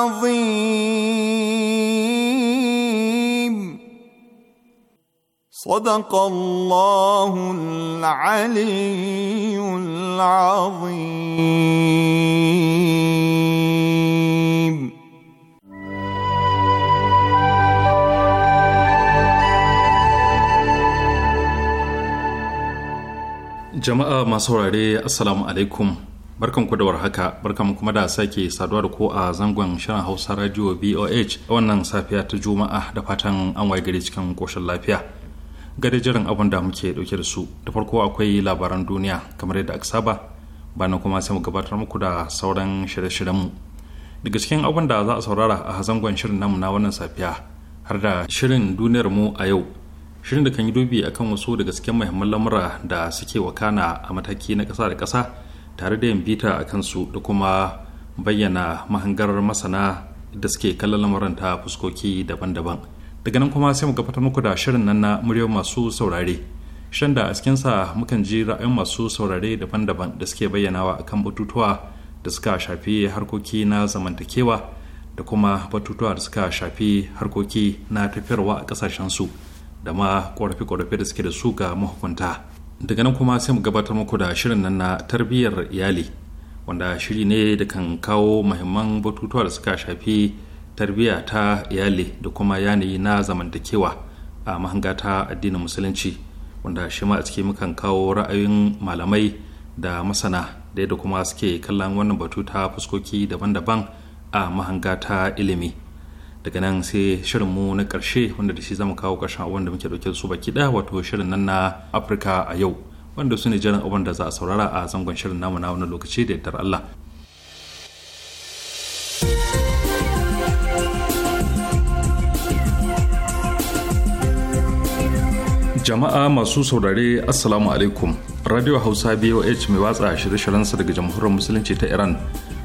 عظيم صدق الله العلي العظيم jama'a masu saurare assalamu alaikum barkan ku da warhaka barkan mu kuma da sake saduwa da ku a zangon shirin hausa radio voh a wannan safiya ta juma'a da fatan an waye gari cikin koshin lafiya gare jiran abin da muke dauke da su da farko akwai labaran duniya kamar yadda aka saba bana kuma sai mu gabatar muku da sauran shirye-shiryen mu daga cikin abin da za a saurara a zangon shirin namu na wannan safiya har da shirin duniyar mu a yau shirin da kan yi dubi akan wasu daga cikin muhimman lamura da suke wakana a mataki na ƙasa da ƙasa tare da yin bita a kansu da kuma bayyana mahangar masana da suke kallon lamarin ta fuskoki daban-daban daga nan kuma sai mu gabatar muku da shirin nan na muryar masu saurare shan da a sa mukan ji ra'ayin masu saurare daban-daban da suke bayyanawa akan batutuwa da suka shafi harkoki na zamantakewa da kuma batutuwa da suka shafi harkoki na tafiyarwa a ƙasashensu da ma korafe-korafe da suke da su ga mahukunta daga nan kuma sai mu gabatar muku da shirin nan na tarbiyyar iyali wanda shiri ne da kan kawo mahimman batutuwa da suka shafi tarbiyya ta iyali da kuma yanayi na zamantakewa a mahanga ta addinin musulunci wanda shi ma a ciki mukan kawo ra'ayin malamai da masana da yadda kuma suke kallon wannan batu ta fuskoki daban-daban a mahanga ta ilimi. daga nan sai shirinmu na karshe wanda da shi zama kawo karshen abin da muke ɗauke su baki ɗaya wato shirin nan na afirka a yau wanda su ne jiran abin da za a saurara a zangon shirin namu na wani lokaci da yaddar allah jama'a masu saurare assalamu alaikum radio hausa boh mai watsa shirye-shiryensa daga jamhuriyar musulunci ta iran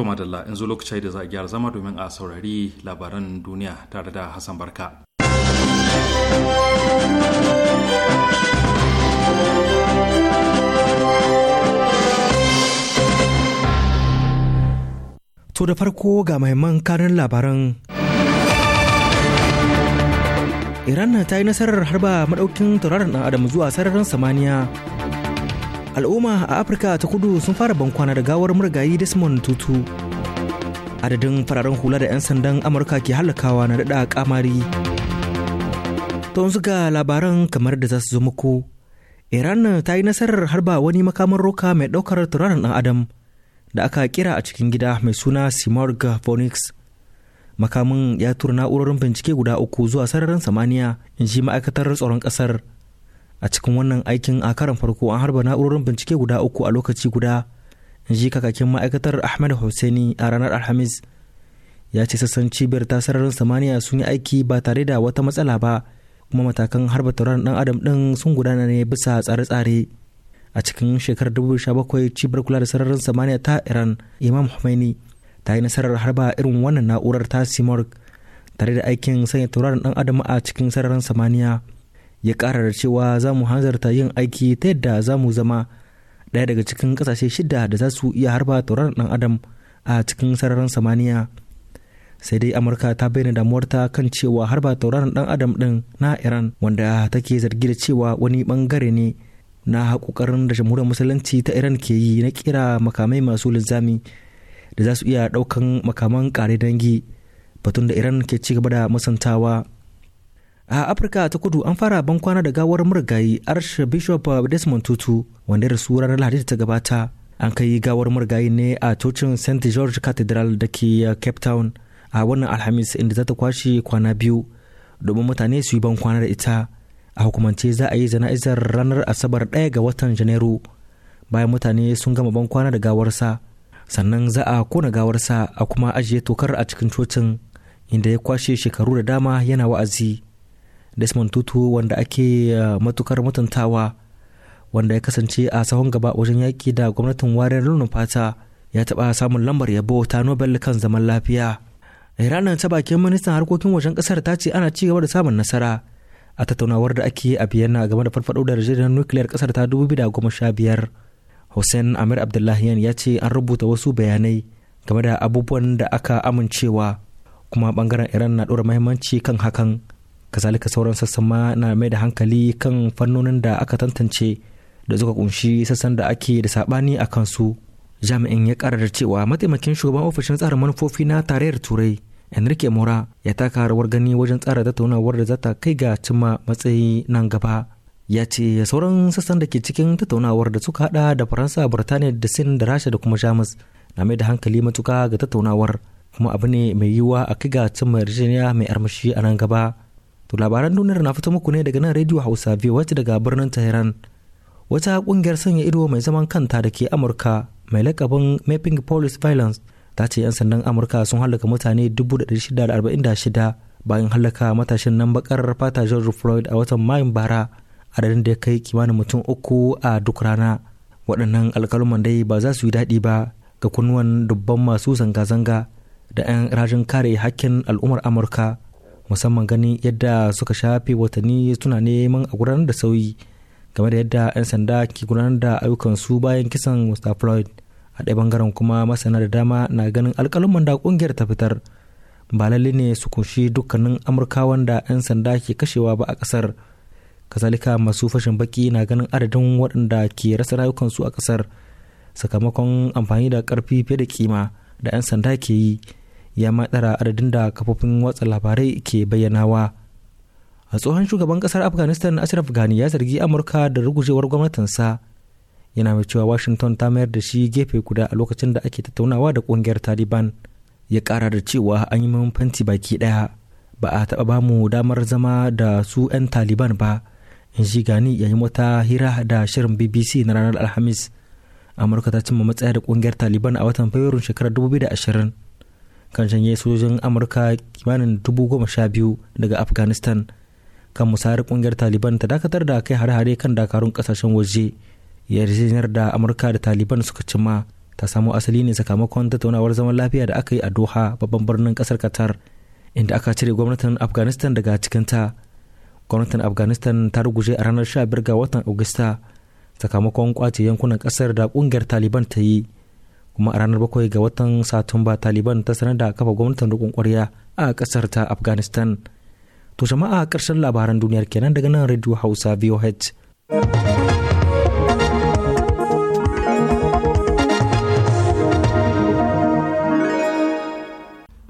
To madalla zo lokaci da za a gyara zama domin a saurari labaran duniya tare da Hassan Barka. To da farko ga mahimman karin labaran. Iran ta yi nasarar harba madaukin tauraron ɗan adam zuwa sararin samaniya al'umma a afirka ta kudu sun fara bankwana da gawar murgayi desmond tutu adadin fararen hula da 'yan sandan amurka ke halakawa na daɗa kamari ta wasu ga labaran kamar da za su zo muku iran ta yi nasarar harba wani makamin roka mai ɗaukar turaren ɗan adam da aka kira a cikin gida mai suna simorg phoenix makamin ya tura na'urorin bincike guda uku zuwa sararin samaniya in ma'aikatar tsaron ƙasar a cikin wannan aikin a karan farko an harba na'urorin bincike guda uku a lokaci guda ji kakakin ma'aikatar ahmed hussaini a ranar alhamis ya ce sassan cibiyar ta sararin samaniya sun yi aiki ba tare da wata matsala ba kuma matakan harba tauraron dan adam din sun gudana ne bisa tsare-tsare a cikin shekarar 2017 cibiyar kula da sararin samaniya ta iran imam khomeini ta yi nasarar harba irin wannan na'urar ta simorg tare da aikin sanya tauraron dan adam a cikin sararin samaniya ya ƙara da cewa za mu hanzarta yin aiki ta yadda za mu zama ɗaya daga cikin ƙasashe shida da za su iya harba tauraron ɗan adam a cikin sararin samaniya sai dai amurka ta bayyana damuwarta kan cewa harba tauraron ɗan adam ɗin na iran wanda take zargi da cewa wani bangare ne na haƙoƙarin da jamhuriyar musulunci ta iran ke yi na kira makamai masu linzami da za su iya ɗaukan makaman ƙare dangi batun da iran ke ci gaba da musantawa a afirka ta kudu an fara bankwana da gawar murgayi archbishop desmond tutu wanda ya rasu ranar lahadi ta gabata an kai gawar murgayi ne a cocin st george cathedral da ke uh, cape town a wannan alhamis inda za ta kwashe kwana biyu domin mutane su yi bankwana da ita a hukumance za a yi jana'izar ranar asabar ɗaya ga watan janairu bayan mutane sun gama bankwana da gawarsa sannan za a kona gawarsa a kuma ajiye tokar a cikin cocin inda ya kwashe shekaru da dama yana wa'azi desmond tutu wanda ake uh, matukar mutuntawa wanda ya kasance a sahun gaba wajen yaƙi da gwamnatin wariyar fata ya taɓa samun lambar yabo ta nobel kan zaman lafiya iran ta bakin ministan harkokin wajen ƙasar ta ce ana ci gaba da samun nasara a tattaunawar da ake a biyana game da farfaɗo da yarjejeniyar nukiliyar ƙasar ta biyar hussein amir abdullahiyan ya ce an rubuta wasu bayanai game da abubuwan da aka amincewa kuma bangaren iran na ɗora mahimmanci kan hakan kazalika sauran sassan ma na mai da hankali kan fannonin da aka tantance da suka kunshi sassan da ake da sabani a kansu jami'in ya karar cewa mataimakin shugaban ofishin tsarin manufofi na tarayyar turai enrique mora ya taka rawar gani wajen tsara tattaunawar da za ta kai ga cimma matsayi nan gaba ya ce sauran sassan da ke cikin tattaunawar da suka hada da faransa birtaniya da sin da rasha da kuma jamus na mai da hankali matuka ga tattaunawar kuma abu ne mai yiwuwa a kai ga cimma yarjejeniya mai armashi a nan gaba To labaran duniyar na fito muku ne daga nan Radio Hausa wacce daga birnin Tehran. Wata kungiyar sanya ido mai zaman kanta da ke Amurka mai lakabin Mapping Police Violence ta ce 'yan sandan Amurka sun halaka mutane 646 bayan halaka matashin nan bakar fata George Floyd a watan Mayun bara a adadin da ya kai kimanin mutum uku a duk rana. Waɗannan alkaluman dai ba za su yi daɗi ba ga kunnuwan dubban masu zanga-zanga da 'yan rajin kare hakkin al'ummar Amurka. musamman ganin yadda suka shafe watanni suna neman a gudanar da sauyi game da yadda 'yan sanda ke gudanar da ayyukan su bayan kisan mr floyd a ɗaya bangaren kuma masana da dama na ganin alƙalin da ƙungiyar ta fitar ba lalle ne su kunshi dukkanin amurkawan da 'yan sanda ke kashewa ba a ƙasar kazalika masu fashin baki na ganin adadin waɗanda ke rasa rayukansu a ƙasar sakamakon amfani da ƙarfi fiye da kima da 'yan sanda ke yi ya matsara adadin da kafofin watsa labarai ke bayyanawa a tsohon shugaban kasar afghanistan ashraf ghani ya zargi amurka da rugujewar gwamnatinsa yana mai cewa washington ta mayar da shi gefe guda a lokacin da ake tattaunawa da kungiyar taliban ya kara da cewa an yi fanti baki daya ba a taba ba mu damar zama da su 'yan taliban ba in ji gani yayin wata hira da shirin bbc na ranar alhamis amurka ta cimma matsaya da kungiyar taliban a watan fabrairun shekarar 2020 kan janye sojojin amurka kimanin dubu goma sha biyu daga afghanistan kan musayar kungiyar taliban ta dakatar da kai hare-hare kan dakarun kasashen waje yarjejeniyar da amurka da taliban suka cimma ta samo asali ne sakamakon tattaunawar zaman lafiya da aka yi a doha babban birnin kasar qatar inda aka cire gwamnatin afghanistan daga cikinta gwamnatin afghanistan ta ruguje a ranar 15 ga watan agusta sakamakon kwace yankunan kasar da kungiyar taliban ta yi kuma a ranar bakwai ga watan satumba taliban ta sanar da kafa gwamnatin rukun kwarya a kasar ta afghanistan to jama'a karshen labaran duniyar kenan daga nan radio hausa voh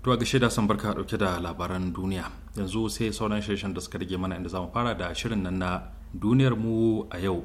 Tuwa ga shaida son barka dauke da labaran duniya. Yanzu sai sauran shirin da suka rage mana inda zamu fara da shirin nan na duniyar mu a yau.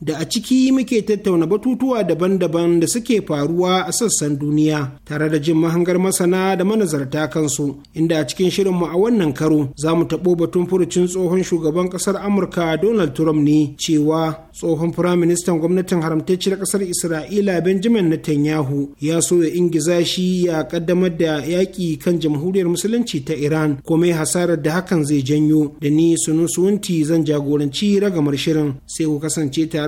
da a ciki muke tattauna batutuwa daban-daban da suke faruwa a sassan duniya tare da jin mahangar masana da manazarta kansu inda a cikin shirinmu a wannan karo za mu taɓo batun furucin tsohon shugaban ƙasar amurka donald trump ne cewa tsohon firaministan gwamnatin haramtacciyar ƙasar isra'ila benjamin netanyahu ya so ya ingiza shi ya kaddamar da yaƙi kan jamhuriyar musulunci ta iran komai hasarar da hakan zai janyo da ni sunusuwunti zan jagoranci ragamar shirin sai ku kasance tare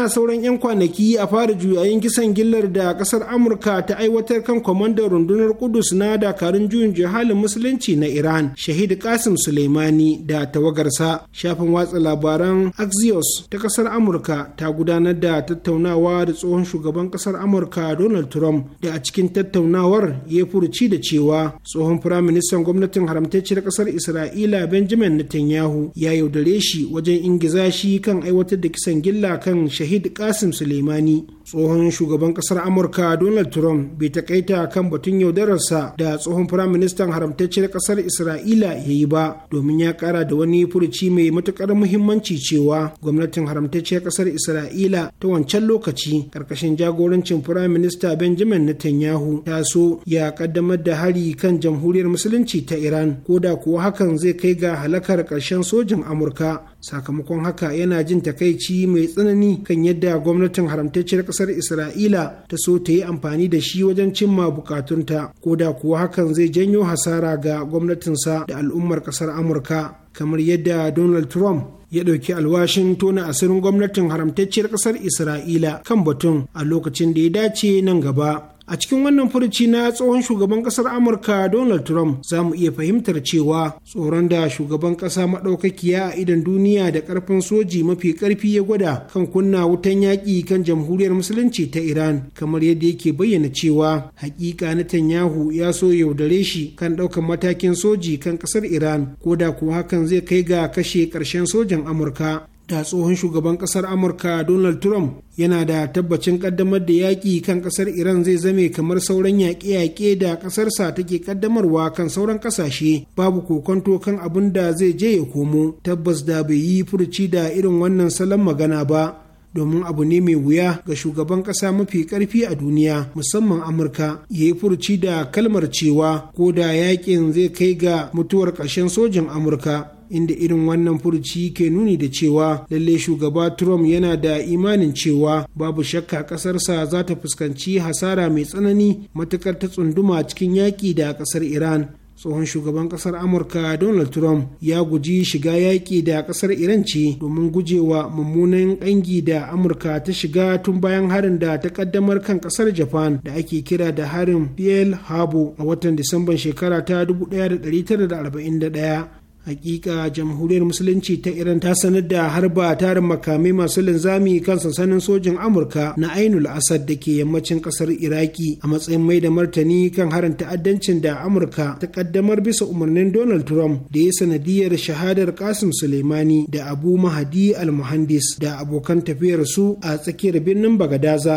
ana sauran 'yan kwanaki a fara juyayin kisan gillar da kasar amurka ta aiwatar kan kwamandan rundunar kudus na dakarun juyin jihalin musulunci na iran shahid kasim suleimani da tawagarsa shafin watsa labaran axios ta kasar amurka ta gudanar da tattaunawa da tsohon shugaban kasar amurka donald trump da a cikin tattaunawar ya furuci da cewa tsohon firaministan gwamnatin haramtacciyar kasar isra'ila benjamin netanyahu ya yaudare shi wajen ingiza shi kan aiwatar da kisan gilla kan shahid shahid kasim suleimani tsohon shugaban kasar amurka donald trump bai takaita kan batun yaudararsa da tsohon firaministan haramtacciyar kasar isra'ila ya yi ba domin ya kara da wani furuci mai matukar muhimmanci cewa gwamnatin haramtacciyar kasar isra'ila ta wancan lokaci karkashin jagorancin firaminista benjamin netanyahu ta so ya kaddamar da hari kan jamhuriyar musulunci ta iran ko da kuwa hakan zai kai ga halakar ƙarshen sojin amurka sakamakon haka yana jin takaici mai tsanani kan yadda gwamnatin haramtacciyar ƙasar isra'ila ta so ta yi amfani da shi wajen cimma bukatunta ko da kuwa hakan zai janyo hasara ga gwamnatinsa da al'ummar ƙasar amurka kamar yadda donald trump ya ɗauki alwashin tona asirin gwamnatin haramtacciyar ƙasar isra'ila kan batun a lokacin da ya dace nan gaba A cikin wannan furuci na tsohon shugaban kasar Amurka Donald Trump za mu iya fahimtar cewa tsoron da shugaban kasa maɗaukakiya a idan duniya da ƙarfin soji mafi ƙarfi ya gwada kan kunna wutan yaƙi kan jamhuriyar musulunci ta Iran kamar yadda yake bayyana cewa hakika Netanyahu ya so yaudare shi kan ɗaukan matakin soji kan ƙasar Iran ko da kuwa hakan zai kai ga kashe ƙarshen sojan Amurka. da tsohon shugaban kasar amurka donald trump yana da tabbacin kaddamar da yaƙi kan kasar iran zai zame kamar sauran yaƙe-yaƙe da ƙasarsa take kaddamarwa kan sauran ƙasashe babu kokonto kan abin da zai je ya komo tabbas da bai yi furuci da irin wannan salon magana ba domin abu ne mai wuya ga shugaban ƙasa mafi ƙarfi a duniya musamman amurka ya yi furuci da kalmar cewa ko da yaƙin zai kai ga mutuwar ƙarshen sojin amurka inda irin wannan furuci ke nuni da cewa lalle shugaba Trump yana da imanin cewa babu shakka kasarsa za ta fuskanci hasara mai tsanani matukar ta tsunduma cikin yaƙi da ƙasar Iran. tsohon shugaban kasar amurka donald trump ya guji shiga yaƙi da kasar iran ce domin gujewa mummunan ƙangi da amurka ta shiga tun bayan harin da ta kaddamar kan kasar japan da ake kira da harin pearl harbor a watan disamban shekara ta 1941 hakika jamhuriyar musulunci ta iran ta sanar da harba tarin makamai masu linzami kan sansanin sojin amurka na ainul asad da ke yammacin kasar iraki a matsayin mai da martani kan harin ta'addancin da amurka ta kaddamar bisa umarnin donald trump da ya sanadiyar shahadar kasim suleimani da abu mahadi al-muhandis da abokan tafiyar su a tsakiyar birnin bagadaza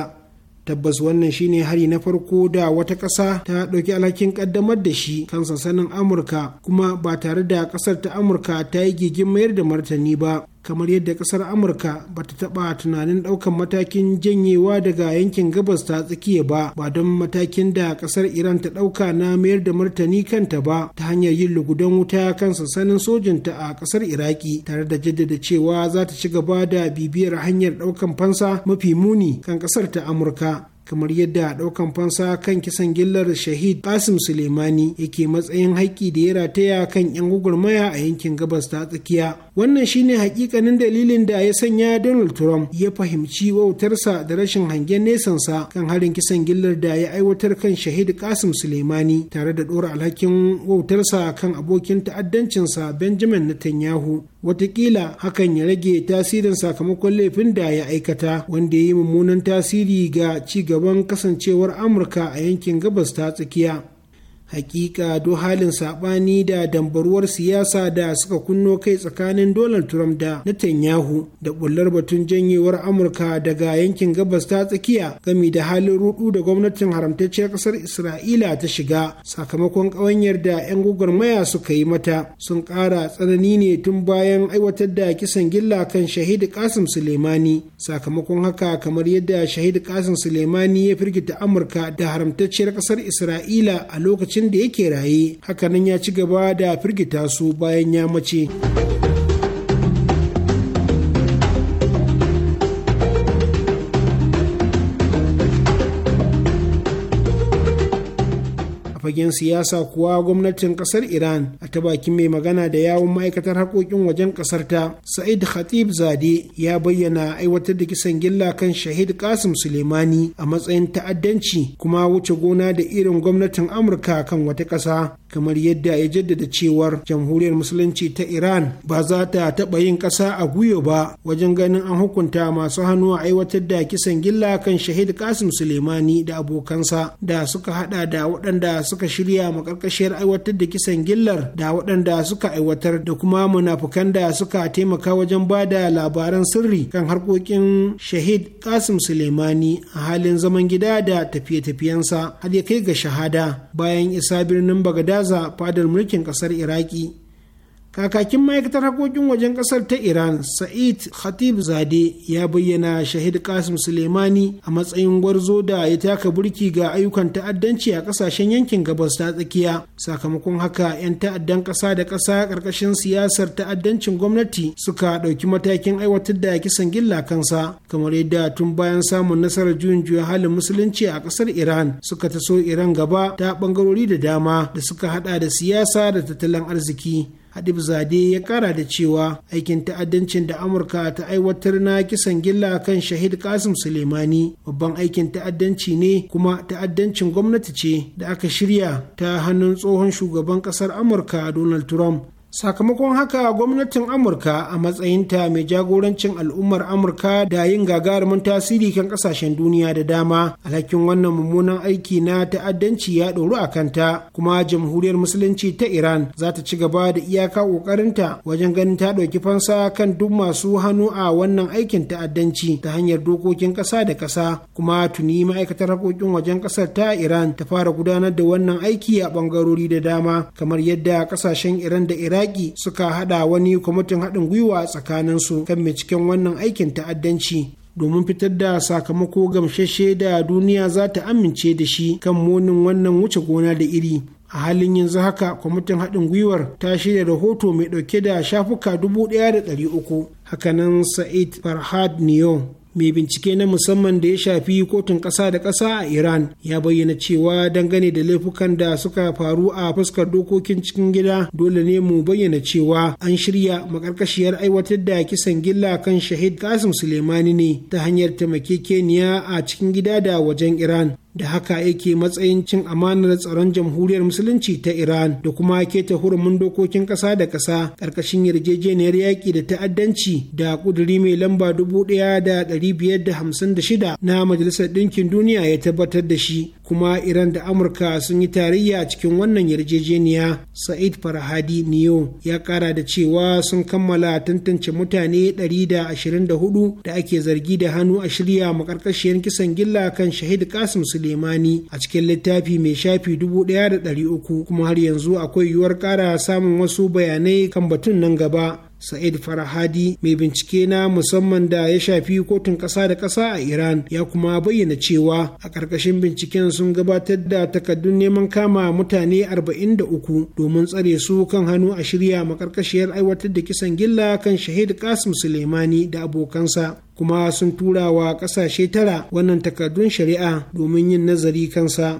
tabbas wannan shine hari na farko da wata ƙasa ta ɗauki alhakin ƙaddamar da shi kan sansanin amurka kuma ba tare da ƙasar ta amurka ta yi gigin mayar da martani ba kamar yadda kasar amurka ba ta taɓa tunanin ɗaukan matakin janyewa daga yankin gabas ta tsakiya ba ba don matakin da kasar iran ta ɗauka na mayar da martani kanta ba ta hanyar yin lugudan wuta kan sansanin sojinta a kasar iraki tare da jaddada cewa za ta ci gaba da bibiyar hanyar ɗaukan fansa mafi muni kan kasar ta amurka kamar yadda ɗaukan fansa kan kisan gillar shahid kasim suleimani yake matsayin haƙƙi da ya rataya kan 'yan gwagwarmaya a yankin gabas ta tsakiya wannan shine hakikanin dalilin da ya sanya donald trump ya fahimci wautarsa da rashin hangen nesan sa kan harin kisan gillar da ya aiwatar kan shahid kasim suleimani tare da ɗora alhakin wautarsa kan abokin ta'addancinsa benjamin netanyahu watakila hakan ya rage tasirin sakamakon laifin da ya aikata wanda ya yi mummunan tasiri ga ci gaban kasancewar amurka a yankin gabas ta tsakiya hakika do halin saɓani da dambaruwar siyasa da suka kunno kai tsakanin donald trump da netanyahu da bullar batun janyewar amurka daga yankin gabas ta tsakiya gami da halin rudu da gwamnatin haramtacciyar ƙasar isra'ila ta shiga sakamakon ƙawanyar da 'yan gwagwarmaya suka yi mata sun ƙara tsanani ne tun bayan aiwatar da kisan gilla kan shahid kasim suleimani sakamakon haka kamar yadda shahid kasim suleimani ya firgita amurka da haramtacciyar ƙasar isra'ila a lokacin lokacin da yake raye hakanan ya ci gaba da firgita su bayan ya mace. fagen siyasa kuwa gwamnatin kasar iran a ta bakin mai magana da yawon ma'aikatar haƙoƙin wajen kasar ta sa'id khatib zade ya bayyana aiwatar da kisan gilla kan shahid kasim suleimani a matsayin ta'addanci kuma wuce gona da irin gwamnatin amurka kan wata ƙasa kamar yadda ya jaddada cewar jamhuriyar musulunci ta iran ba za ta taɓa yin ƙasa a guyo ba wajen ganin an hukunta masu hannu a aiwatar da kisan gilla kan shahid kasim suleimani da abokansa da suka hada da waɗanda suka shirya ma makarkashiyar aiwatar da kisan gillar da waɗanda suka aiwatar da kuma munafukan da suka taimaka wajen ba da labaran sirri kan harkokin shahid kasim suleimani a halin zaman gida da tafiye-tafiyensa har ya kai ga shahada bayan isa birnin bagadaza fadar mulkin ƙasar iraki kakakin ma'aikatar harkokin wajen kasar ta iran sa'id khatib zade ya bayyana shahid kasim suleimani a matsayin gwarzo da ya taka burki ga ayyukan ta'addanci a kasashen yankin gabas ta tsakiya sakamakon haka 'yan ta'addan kasa da kasa karkashin siyasar ta'addancin gwamnati suka ɗauki matakin aiwatar da kisan gilla kansa kamar yadda tun bayan samun nasarar juyin juya halin musulunci a kasar iran suka taso iran gaba ta bangarori da dama da suka hada da siyasa da tattalin arziki Hadib zade ya kara da cewa aikin ta'addancin da amurka ta aiwatar na kisan gilla kan shahid kasim suleimani babban aikin ta'addanci ne kuma ta'addancin gwamnati ce da aka shirya ta hannun tsohon shugaban kasar amurka donald trump sakamakon haka gwamnatin amurka a matsayinta mai jagorancin al'ummar amurka da yin gagarumin tasiri kan kasashen duniya da dama alhakin wannan mummunan aiki na ta'addanci ya ɗoru a kanta kuma jamhuriyar musulunci ta iran za ta ci gaba da iyaka ƙoƙarinta wajen ganin ta ɗauki fansa kan duk masu hannu a wannan aikin ta'addanci ta hanyar dokokin ƙasa da ƙasa kuma tuni ma'aikatar haƙoƙin wajen ƙasar ta iran ta fara gudanar da wannan aiki a ɓangarori da dama kamar yadda ƙasashen iran da iran yaƙi suka haɗa wani kwamitin haɗin gwiwa tsakanin su kan mai cikin wannan aikin ta'addanci domin fitar da sakamako gamsasshe da duniya za ta amince da shi kan monin wannan wuce gona da iri a halin yanzu haka kwamitin haɗin gwiwar ta shirya rahoto mai ɗauke da shafuka 1,300 hakanan sa'id farhad niyo mai bincike na musamman da ya shafi kotun ƙasa da ƙasa a iran ya bayyana cewa dangane da laifukan da suka faru a fuskar dokokin cikin gida dole ne mu bayyana cewa an shirya makarkashiyar aiwatar da kisan gilla kan shahid kasim suleimani ne ta hanyar taimakekeniya a cikin gida da wajen iran da haka yake matsayin cin amanar tsaron jamhuriyar musulunci ta iran da kuma keta hurumin dokokin kasa da kasa ƙarƙashin yarjejeniyar yaƙi da ta'addanci da ƙuduri mai lamba 1556 na majalisar ɗinkin duniya ya tabbatar da shi kuma iran da amurka sun yi tarayya cikin wannan yarjejeniya sa'id farhadi niyo ya kara da cewa sun kammala tantance mutane 124 da ake zargi da hannu a shirya makarkashiyar kisan gilla kan shahid kasim suleimani a cikin littafi mai shafi 1300 kuma har yanzu akwai yiwuwar kara samun wasu bayanai kan batun nan gaba sa'id farhadi mai bincike na musamman da ya shafi kotun ƙasa da ƙasa a iran ya kuma bayyana cewa a ƙarƙashin binciken sun gabatar da takaddun neman kama mutane 43 domin tsare su kan hannu a shirya makarkashiyar aiwatar da kisan gilla kan shahid kasim suleimani da abokansa kuma sun tura wa ƙasashe tara wannan takardun shari'a domin yin nazari kansa.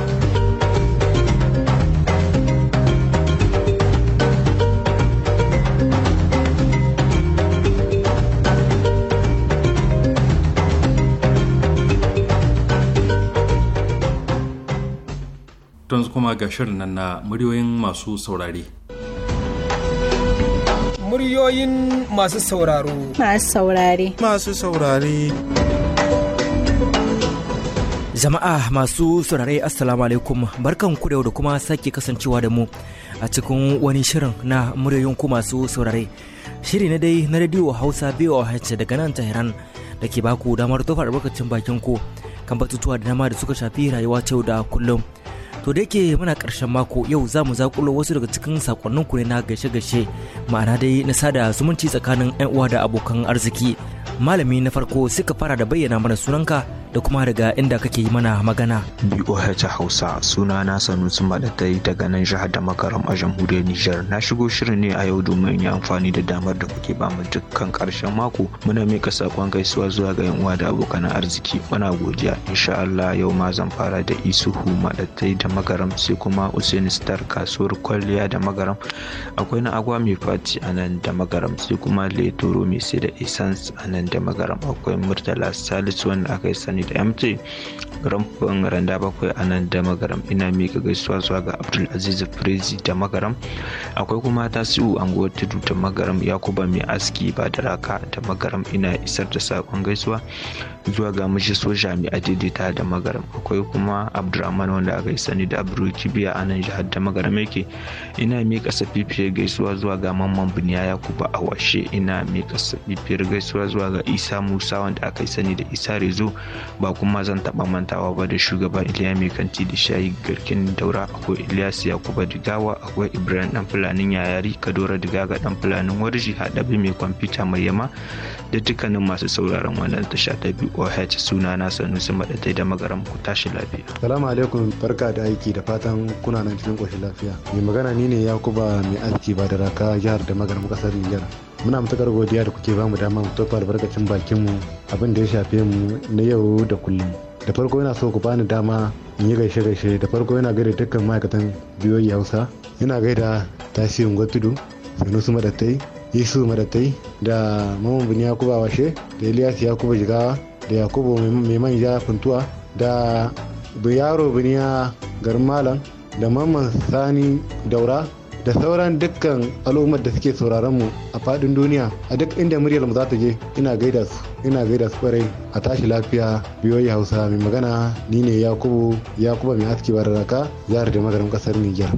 don kuma ga shirin nan na muryoyin masu saurare. Muryoyin masu sauraro. Masu saurare. Masu saurare. Jama'a masu saurare Assalamu alaikum barkan ku da yau da kuma sake kasancewa da mu a cikin wani shirin na muryoyin ku masu saurare. Shiri na dai na radio Hausa a BOH daga nan Tehran da ke baku damar tofa albarkacin bakin ku kan batutuwa da dama da suka shafi rayuwa ta yau da kullum. to da yake muna karshen mako yau za mu zakulo wasu daga cikin sakonnin ne na gaishe-gaishe ma'ana dai na sada zumunci tsakanin 'yan uwa da abokan arziki malami na farko suka fara da bayyana mana sunanka da kuma daga inda kake mana magana. BOH Hausa suna na Sanusi Madatai daga nan jihar da makaram a jamhuriyar Nijar. Na shigo shirin ne a yau domin yi amfani da damar da kuke ba mu dukkan karshen mako. Muna mika sakon gaisuwa zuwa ga yan uwa da abokan arziki. Muna godiya. Insha Allah yau ma zan fara da Isuhu maɗatai da makaram sai kuma Usain Star kasuwar kwalliya da magaram. Akwai na agwa mai fati a nan da makaram sai kuma Leto mai sai da essence a nan nan da magaram akwai murtala salisu wanda aka yi sani da mt ramfin randa bakwai a nan da magaram ina mika gaisuwa zuwa ga abdul aziz firizi da magaram akwai kuma tasiu anguwa tudu da magaram yakuba mai aski ba da raka da magaram ina isar da sakon gaisuwa zuwa ga mishi soja mai adidita da magaram akwai kuma abdulrahman wanda aka yi sani da abdul kibiya a nan jihar da magaram yake ina mika safifiyar gaisuwa zuwa ga mamman biniya yakuba a washe ina mika safifiyar gaisuwa zuwa ga isa musa wanda aka yi sani da isa rezo ba kuma zan taba manta mantawa ba da shugaba iliya mai kanti da shayi garkin daura akwai ilyas yakuba digawa akwai ibrahim dan fulanin yayari kadora digaga dan fulanin warji haɗabi mai kwamfuta mai yama da dukkanin masu sauraron wannan tasha ta oh suna na sanusi maɗatai da magaram ku tashi lafiya salamu alaikum barka da aiki da fatan kuna nan cikin koshin lafiya mai magana ni ne yakuba mai aski ba da raka jihar da magaram kasar niger muna matukar godiya da kuke bamu dama mu tofa albarkacin bakinmu abin da ya shafe mu na yau da kullum da farko yana so ku bani dama in yi gaishe-gaishe da farko yana gaida dukkan ma'aikatan biyoyi hausa yana gaida tasirin gwatudu sanusu madattai yesu madattai da mamman bin yakuba washe da iliyas yakuba jigawa da yakubu mai manja funtuwa da yaro biniya malam da mamman sani daura da sauran dukkan al'ummar da suke sauraron mu a faɗin duniya a duk inda muryar mu za ta je ina gaida su ina gaida su kwarai a tashi lafiya biyoyi hausa mai magana ni ne yakubu yakuba mai aski bararaka jihar da magarin kasar niger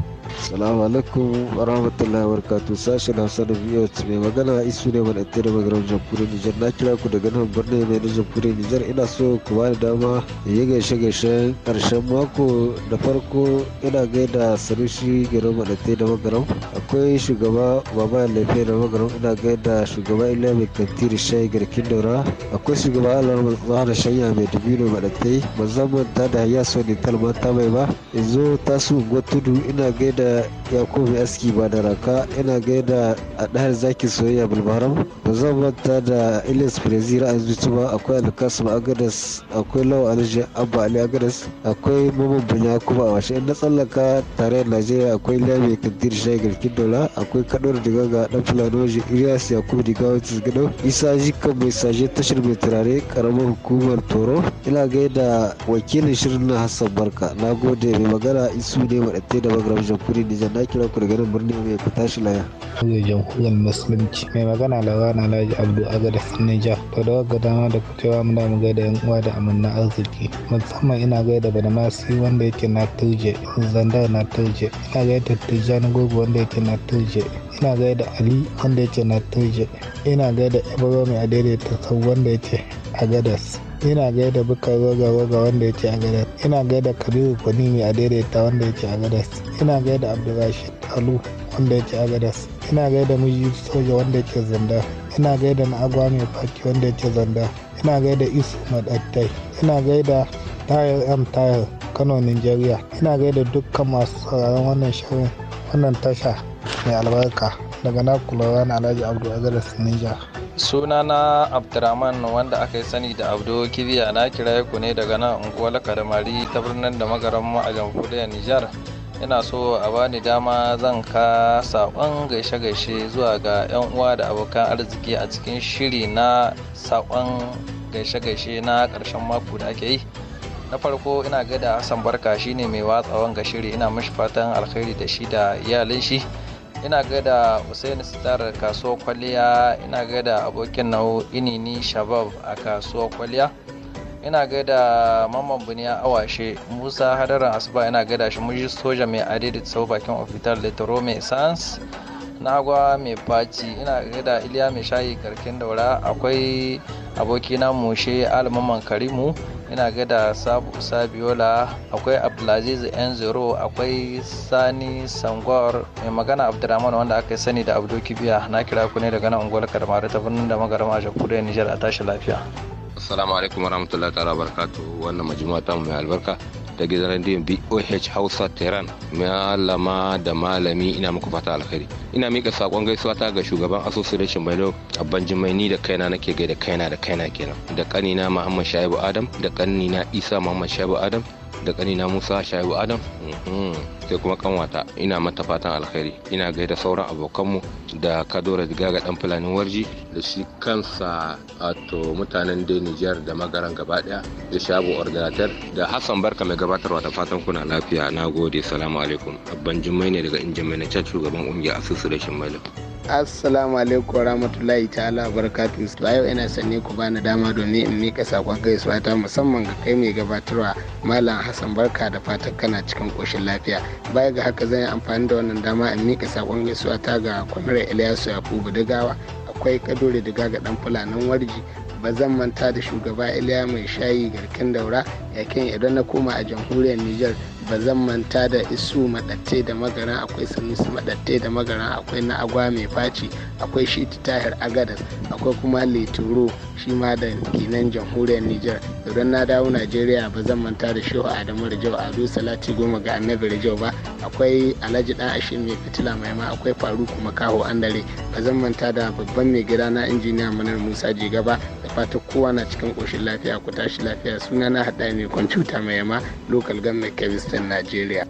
Salamu alaikum warahmatullahi wabarakatuh wa barakatuh sashen Hausa da VOT mai magana isu ne wani ɗaya daga garin jamhuriyar Nijar na kira ku daga nan birnin mai na jamhuriyar Nijar ina so ku bani dama yi gaishe gaishe ƙarshen mako da farko ina gaida sarushi gero maɗate da magaram akwai shugaba baba lafiya da magaram ina gaida shugaba iliya mai kantiri shayi garkin daura akwai shugaba alar mahara shanya mai dubino maɗate musamman ta da hayya sani ne talma ta mai ba yanzu tasu unguwar tudu ina gaida gaida yakubu aski ba da raka ina gaida a ɗahar zaki soyayya bulbaram ba zan manta da ilis brezil a zuci ba akwai alkasim agadas akwai lawa alhaji abba ali agadas akwai mamman bunya kuma a washe na tsallaka tare da najeriya akwai lami kadir shagir kidola akwai kadar diga ga dan fulanoji ilyas yakubu diga wata gado isa jika mai saje tashar mai turare karamar hukumar toro ina gaida wakilin shirin na hassan barka na gode mai magana isu ne maɗattai da magaram jamhuriyar da na kira ku daga birni mai ku tashi laya. Zuwa jamhuriyar Musulunci mai magana na Alhaji Abdu Agadas Nijar to da wagga dama da fitowa muna mu gaida yan uwa da amanna arziki musamman ina gaida Badamasi wanda yake na Turje Zandar na Turje ina gaida Tijjani Gogo wanda yake na Turje ina gaida ali wanda yake na toje ina gaida ibro mai adaidaita sau wanda yake a gadas ina gaida buka roga roga wanda yake a gadas ina gaida kabiru kwani mai adaidaita wanda yake a gadas ina gaida abdurrashid alu wanda yake a gadas ina gaida miji soja wanda yake zanda ina gaida na agwa mai faki wanda yake zanda ina gaida isu madattai ina gaida tayar m tayar kano nigeria ina gaida dukkan masu sauraron wannan shirin wannan tasha mai albarka daga na kulawa na alhaji abdu agadas suna na abdurrahman wanda aka yi sani da abdo kibiya na kiraye ku ne daga nan unguwar kadamari ta birnin da magaran a jamhuriyar nijar ina so a bani dama zan ka saƙon gaishe-gaishe zuwa ga 'yan uwa da abokan arziki a cikin shiri na saƙon gaishe-gaishe na ƙarshen mako da ake yi na farko ina gada hassan barka shine mai watsawan ga shiri ina mashi fatan alkhairi da shi da iyalin shi ina gaida usain sitar kasuwar kwalliya ina gaida abokin nau inini shabab a kasuwar kwalliya ina gaida mamman buniya awashe musa hadaran asuba ina gaida shi muji soja mai adidi sau bakin ofitar littoro mai sans nagwa mai faci ina gaida iliya mai shayi karkin daura akwai abokina mushe almaman karimu ina gada sabu sabiola akwai abdulaziz n zero akwai sani sangwar mai magana abdulrahman wanda aka sani da abdo kibiya na kira ku ne daga nan unguwar karmari ta birnin da magarama a jakudai nijar a tashi lafiya assalamu alaikum warahmatullahi ta'ala barkatu wannan majima ta mai albarka da gidan rediyon BOH Hausa Tehran malama da malami ina muku fata alkhairi ina mika sakon gaisuwa ta ga shugaban association Bello Abban Jimaini da kaina nake da kaina da kaina kenan da kanina Muhammad Shaibu Adam da kanina Isa Muhammad Shaibu Adam da kanina Musa Shaibu Adam mhm. sai kuma kanwata ina mata fatan alkhairi ina da sauran abokanmu da kadora ga dan fulanin warji da shi kansa ato mutanen da Nijar da magaran gaba daya da shabu ordinator da Hassan Barka mai gabatarwa da fatan kuna lafiya na gode salamu alaikum abban jummai ne daga injin mai na shugaban ƙungiyar asusu da shimmalin. assalamu alaikum rahmatullahi ta'ala barakatu to yau ina sanne ku bani dama domin in mika sakon gaisuwa ta musamman ga kai mai gabatarwa malam hassan barka da fatan kana cikin koshin lafiya baya ga haka zan yi amfani da wannan dama in mika sakon gaisuwa ta ga kwamirar ilyasu yakubu digawa akwai kadore diga ga dan fulanin warji ba zan manta da shugaba iliya mai shayi garkin daura yakin idan na koma a jamhuriyar niger ba zan manta da isu madatte da magaran akwai sanusi madatte da magaran akwai na agwa mai faci akwai shi tahir agadas akwai kuma leturo shi ma da kinan jamhuriyar niger idan na dawo najeriya ba zan manta da shehu adamu a ado salati goma ga annabi jau ba akwai alhaji dan ashe mai fitila mai ma akwai faru kuma kaho andare ba zan manta da babban mai gida na injiniya manar musa jiga ba da fata kowa na cikin koshin lafiya ku tashi lafiya suna na haɗa mai kwamfuta mai ma local government kebis ƙasar najeriya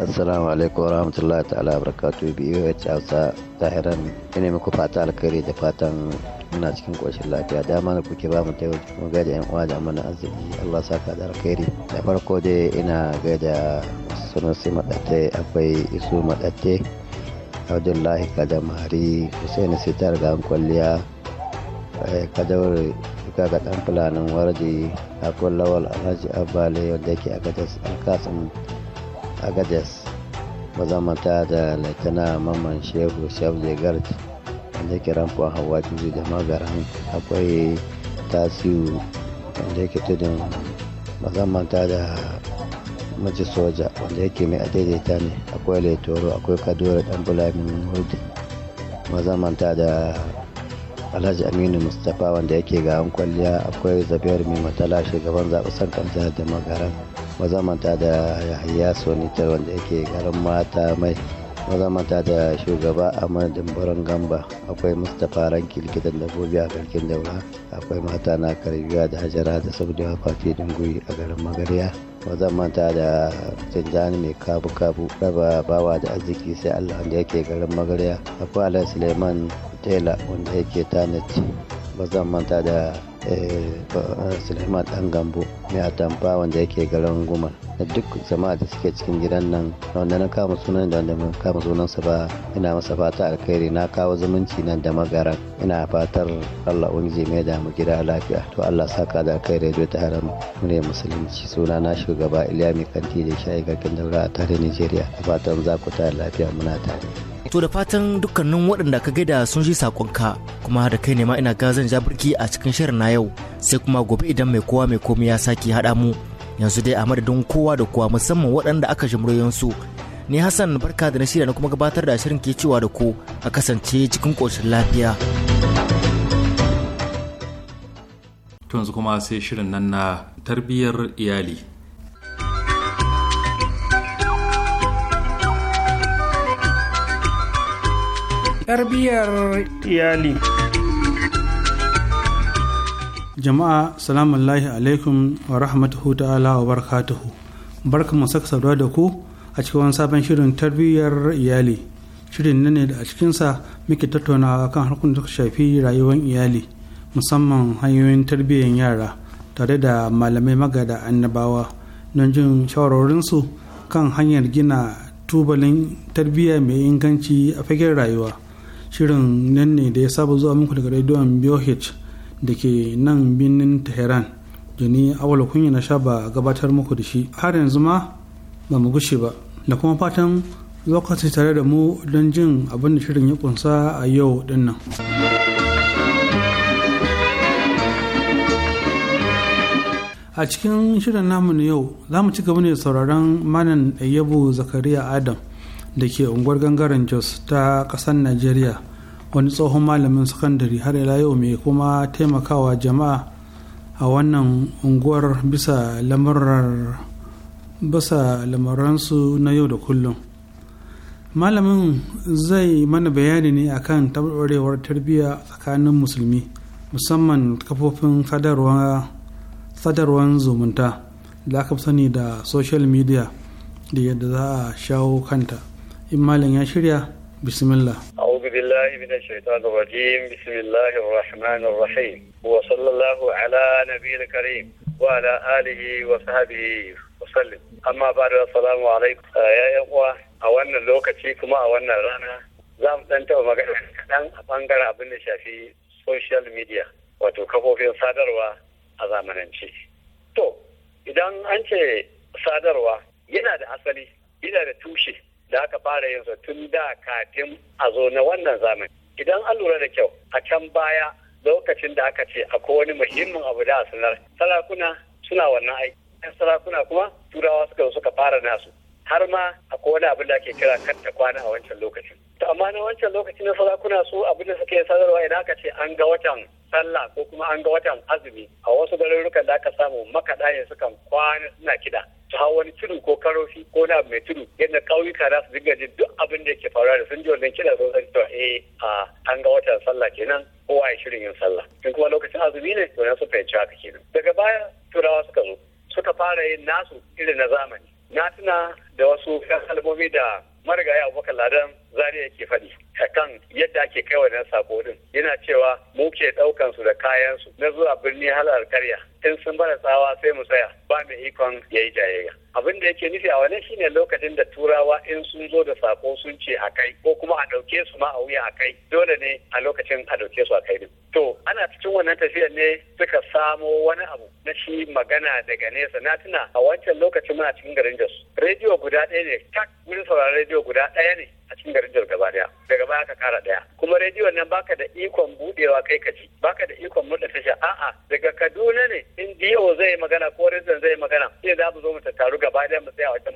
assalamu alaikum warahmatullahi ta'ala barakatu biyu ya hausa tahiran ina muku fata alkhairi da fatan muna cikin ƙoshin lafiya dama da kuke ba mu taimaki kuma gaida yan uwa da amana arziki allah saka da alkhairi da farko dai ina gaida sunusi madatte akwai isu madatte abdullahi kadamari hussein sitar ga kwalliya eh, kadawar Ka ga ɗan fulanin warje akwai lawal alhaji abale wanda yake a gajas ba a gadas mazamanta da laitana mamman shehu shabde garci wanda yake ramfuwa hawa juji da magaran akwai tasiru wanda yake tudun mazamanta da maji soja wanda yake mai adaidaita ne akwai laitoro akwai kadura dan bulamin hudu mazamanta da alhaji aminu mustapha wanda yake an kwalliya akwai zabiyar mai matala shugaban zaɓen kan jihar da magaran mazamanta da yahaya sonitar wanda yake garin mata mai mazamanta da shugaba amur dimbaran gamba akwai mustapha ranki likitan dabbobi a garkin daura akwai mata na karbiya da hajara da sabda fatidin dunguri a garin magariya ba zan manta da tijjani mai kabu kabu raba bawa da arziki sai allah wanda yake garin magarya akwai alai suleiman kutela wanda yake tanaci ba zan manta da Eh, Suleiman Dan Gambo mai atamfa wanda yake garin guma da duk jama'a da suke cikin gidan nan wanda na kama sunan da wanda kama sunansa ba ina masa fata alkhairi na kawo zumunci nan da magara ina fatar Allah unji mai da mu gida lafiya to Allah saka da alkhairi da ta haram ne musulunci suna na shugaba Iliya Mai Kanti da shayi garkin daura a tare Nigeria fatan za ku ta lafiya muna tare. To da fatan dukkanin waɗanda ka gaida sun ji saƙonka kuma da kai ne ma ina ga zan ja birki a cikin shirin na yau sai kuma gobe idan mai kowa mai komai ya sake haɗa mu yanzu dai a madadin kowa da kowa musamman waɗanda aka ji su ni Hassan barka da na shirya na kuma gabatar da shirin ke cewa da ku a kasance cikin ƙoshin lafiya. To yanzu kuma sai shirin nan na tarbiyyar iyali. tarbiyyar iyali jama'a salamun lahi alaikum wa rahmatuhu ta'ala wa barkatuhu barka mu saka saduwa da ku a cikin wani sabon shirin tarbiyyar iyali shirin ne da a cikinsa muke tattaunawa kan harkun da shafi rayuwar iyali musamman hanyoyin tarbiyyar yara tare da malamai magada annabawa don jin su kan hanyar gina tubalin tarbiyya mai inganci a fagen rayuwa shirin nan ne da ya saba zuwa muku daga rediyon BOH da ke nan birnin teheran da ni awal kunya na sha ba gabatar muku da shi har yanzu ma ba mu gushe ba da kuma fatan lokaci tare da mu don jin abin da shirin ya kunsa a yau dinnan. a cikin shirin namu na yau za mu ci gaba ne sauraron manan ayyabu zakariya adam da ke unguwar gangaren jos ta ƙasar najeriya wani tsohon malamin sakandare har ila yau mai kuma taimakawa jama'a a wannan unguwar bisa lamurar lamuransu na yau da kullum malamin zai mana bayani ne akan tabarwarewar tarbiyya tsakanin musulmi musamman kafofin sadarwar zumunta da aka sani da social media da yadda za a shawo kanta in malam ya shirya bismillah a'udhu billahi minash shaitanir rajim bismillahir rahmanir rahim wa sallallahu ala nabiyil karim wa ala alihi wa sahbihi wa sallim amma ba da assalamu alaikum uh, ya yan uwa a wannan lokaci kuma a wannan rana za mu dan taɓa magana kaɗan a bangaren abin da shafi social media wato kafofin sadarwa a zamanance to idan an ce sadarwa yana da asali yana da tushe da aka fara yin sa tun da katin a zo na wannan zamani idan an lura da kyau a can baya lokacin da aka ce akwai wani muhimmin abu da a sanar sarakuna suna wannan aiki sarakuna kuma turawa suka suka fara nasu har ma akwai wani abin da ake kira ta kwana a wancan lokacin to amma na wancan lokacin na sarakuna su abin da suke sadarwa idan aka ce an ga watan sallah ko kuma an ga watan azumi a wasu garurrukan da aka samu makaɗa ne sukan kwana suna kiɗa su hau wani tudu ko karofi ko na mai tudu yadda ƙauyuka za su dinga jin duk abin da yake faruwa da sun ji wannan kiɗa sun san cewa eh a an ga watan sallah kenan kowa ya shirin yin sallah in kuma lokacin azumi ne to na su fahimci haka kenan daga baya turawa suka zo suka fara yin nasu irin na zamani na tuna da wasu kalmomi da marigayi abubakar ladan zari yake faɗi kan yadda ake kai wa sako din yana cewa mu ke ɗaukan su da kayan su na zuwa birni halar karya in sun bara tsawa sai mu tsaya ba mai ikon ya yi jayayya abin da yake nufi a wani shine lokacin da turawa in sun zo da sako sun ce a kai ko kuma a ɗauke su ma a wuya a kai dole ne a lokacin a ɗauke su a kai din to ana cikin wannan tafiyar ne suka samo wani abu na shi magana daga nesa na tuna a wancan lokacin muna cikin garin jos rediyo guda ɗaya ne tak mun saurari rediyo guda ɗaya ne a cikin garin gaba daya daga baya ka kara daya kuma rediyon nan baka da ikon budewa kai ka ji baka da ikon murda tasha a'a daga kaduna ne in diyo zai magana ko rediyo zai magana sai za mu zo mu tattaru gaba daya mu tsaya wajen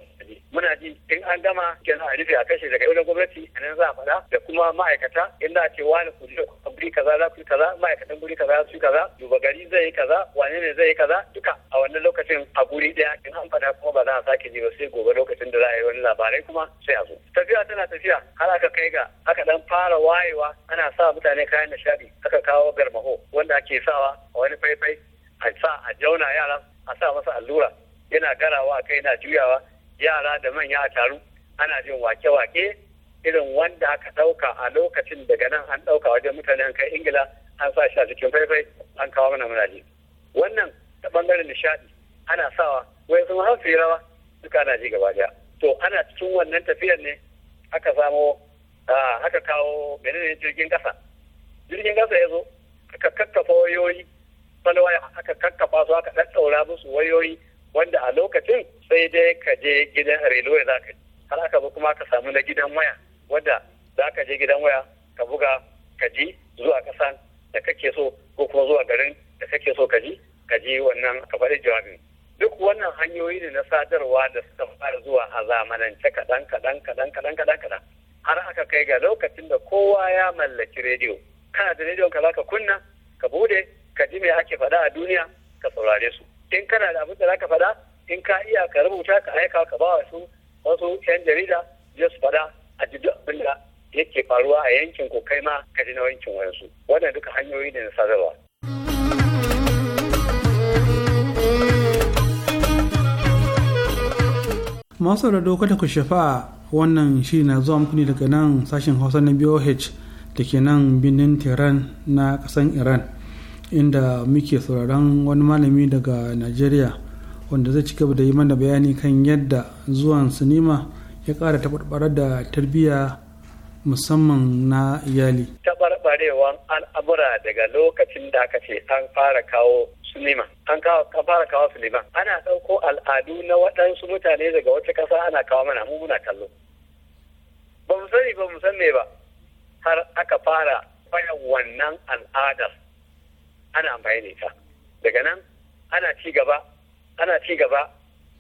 muna ji in an gama kenan a rufe a kashe daga yau gwamnati a nan za a faɗa da kuma ma'aikata in za ce wani ku a guri kaza za ku kaza ma'aikatan guri kaza su kaza duba gari zai yi kaza wane ne zai yi kaza duka a wannan lokacin a guri ɗaya in an faɗa kuma ba za a sake ji ba sai gobe lokacin da za a yi wani labarai kuma sai a zo tafiya tana tafiya har aka kai ga aka dan fara wayewa ana sa mutane kayan nishaɗi aka kawo garmaho wanda ake sawa a wani faifai a sa a jauna yara a sa masa allura yana garawa a kai na juyawa yara da manya a taru ana jin wake-wake irin wanda aka ɗauka a lokacin daga nan an ɗauka wajen mutane an kai ingila an sa shi a cikin faifai an kawo mana muna ji wannan ta ɓangaren nishaɗi ana sawa wai sun har su rawa duka ana ji gaba daya to ana cikin wannan tafiyar ne aka samo aka kawo menene jirgin ƙasa jirgin ƙasa ya zo aka kakkafa wayoyi falwaya aka kakkafa su aka ɗaɗɗaura musu wayoyi wanda a lokacin sai dai ka je gidan railway za ka har aka bi kuma ka samu na gidan waya wanda za ka je gidan waya ka buga ka ji zuwa kasan da kake so ko kuma zuwa garin da kake so ka ji ka ji wannan ka faɗi jawabin duk wannan hanyoyi ne na sadarwa da suka fara zuwa a zamanance kaɗan kaɗan kaɗan kaɗan kaɗan kaɗan har aka kai ga lokacin da kowa ya mallaki rediyo kana da rediyon ka za ka kunna ka bude ka ji me ake faɗa a duniya ka saurare su in kana da abin da zaka faɗa in ka iya ka rubuta ka aika ka ba su wasu yan jarida je su faɗa a ji duk abin da yake faruwa a yankin ko kai ma ka ji na yankin wayansu wannan duka hanyoyi da na sadarwa masu da doka ta ku shafa wannan shi na zuwa muku ne daga nan sashen hausa na boh da ke nan binin tehran na kasan iran inda muke sauraron wani malami daga najeriya wanda zai cigaba da yi mana bayani kan yadda zuwan sinima ya ƙara taɓarɓarar da tarbiyya musamman na iyali. Taɓarɓarewan al'amura daga lokacin da aka ce an fara kawo sinima an fara kawo sinima ana ɗauko al'adu na waɗansu mutane daga wata ƙasa ana kawo mana mu muna kallo ba mu sani ba mu san me ba har aka fara bayan wannan al'adar ana amfani da ita daga nan ana ci gaba ana ci gaba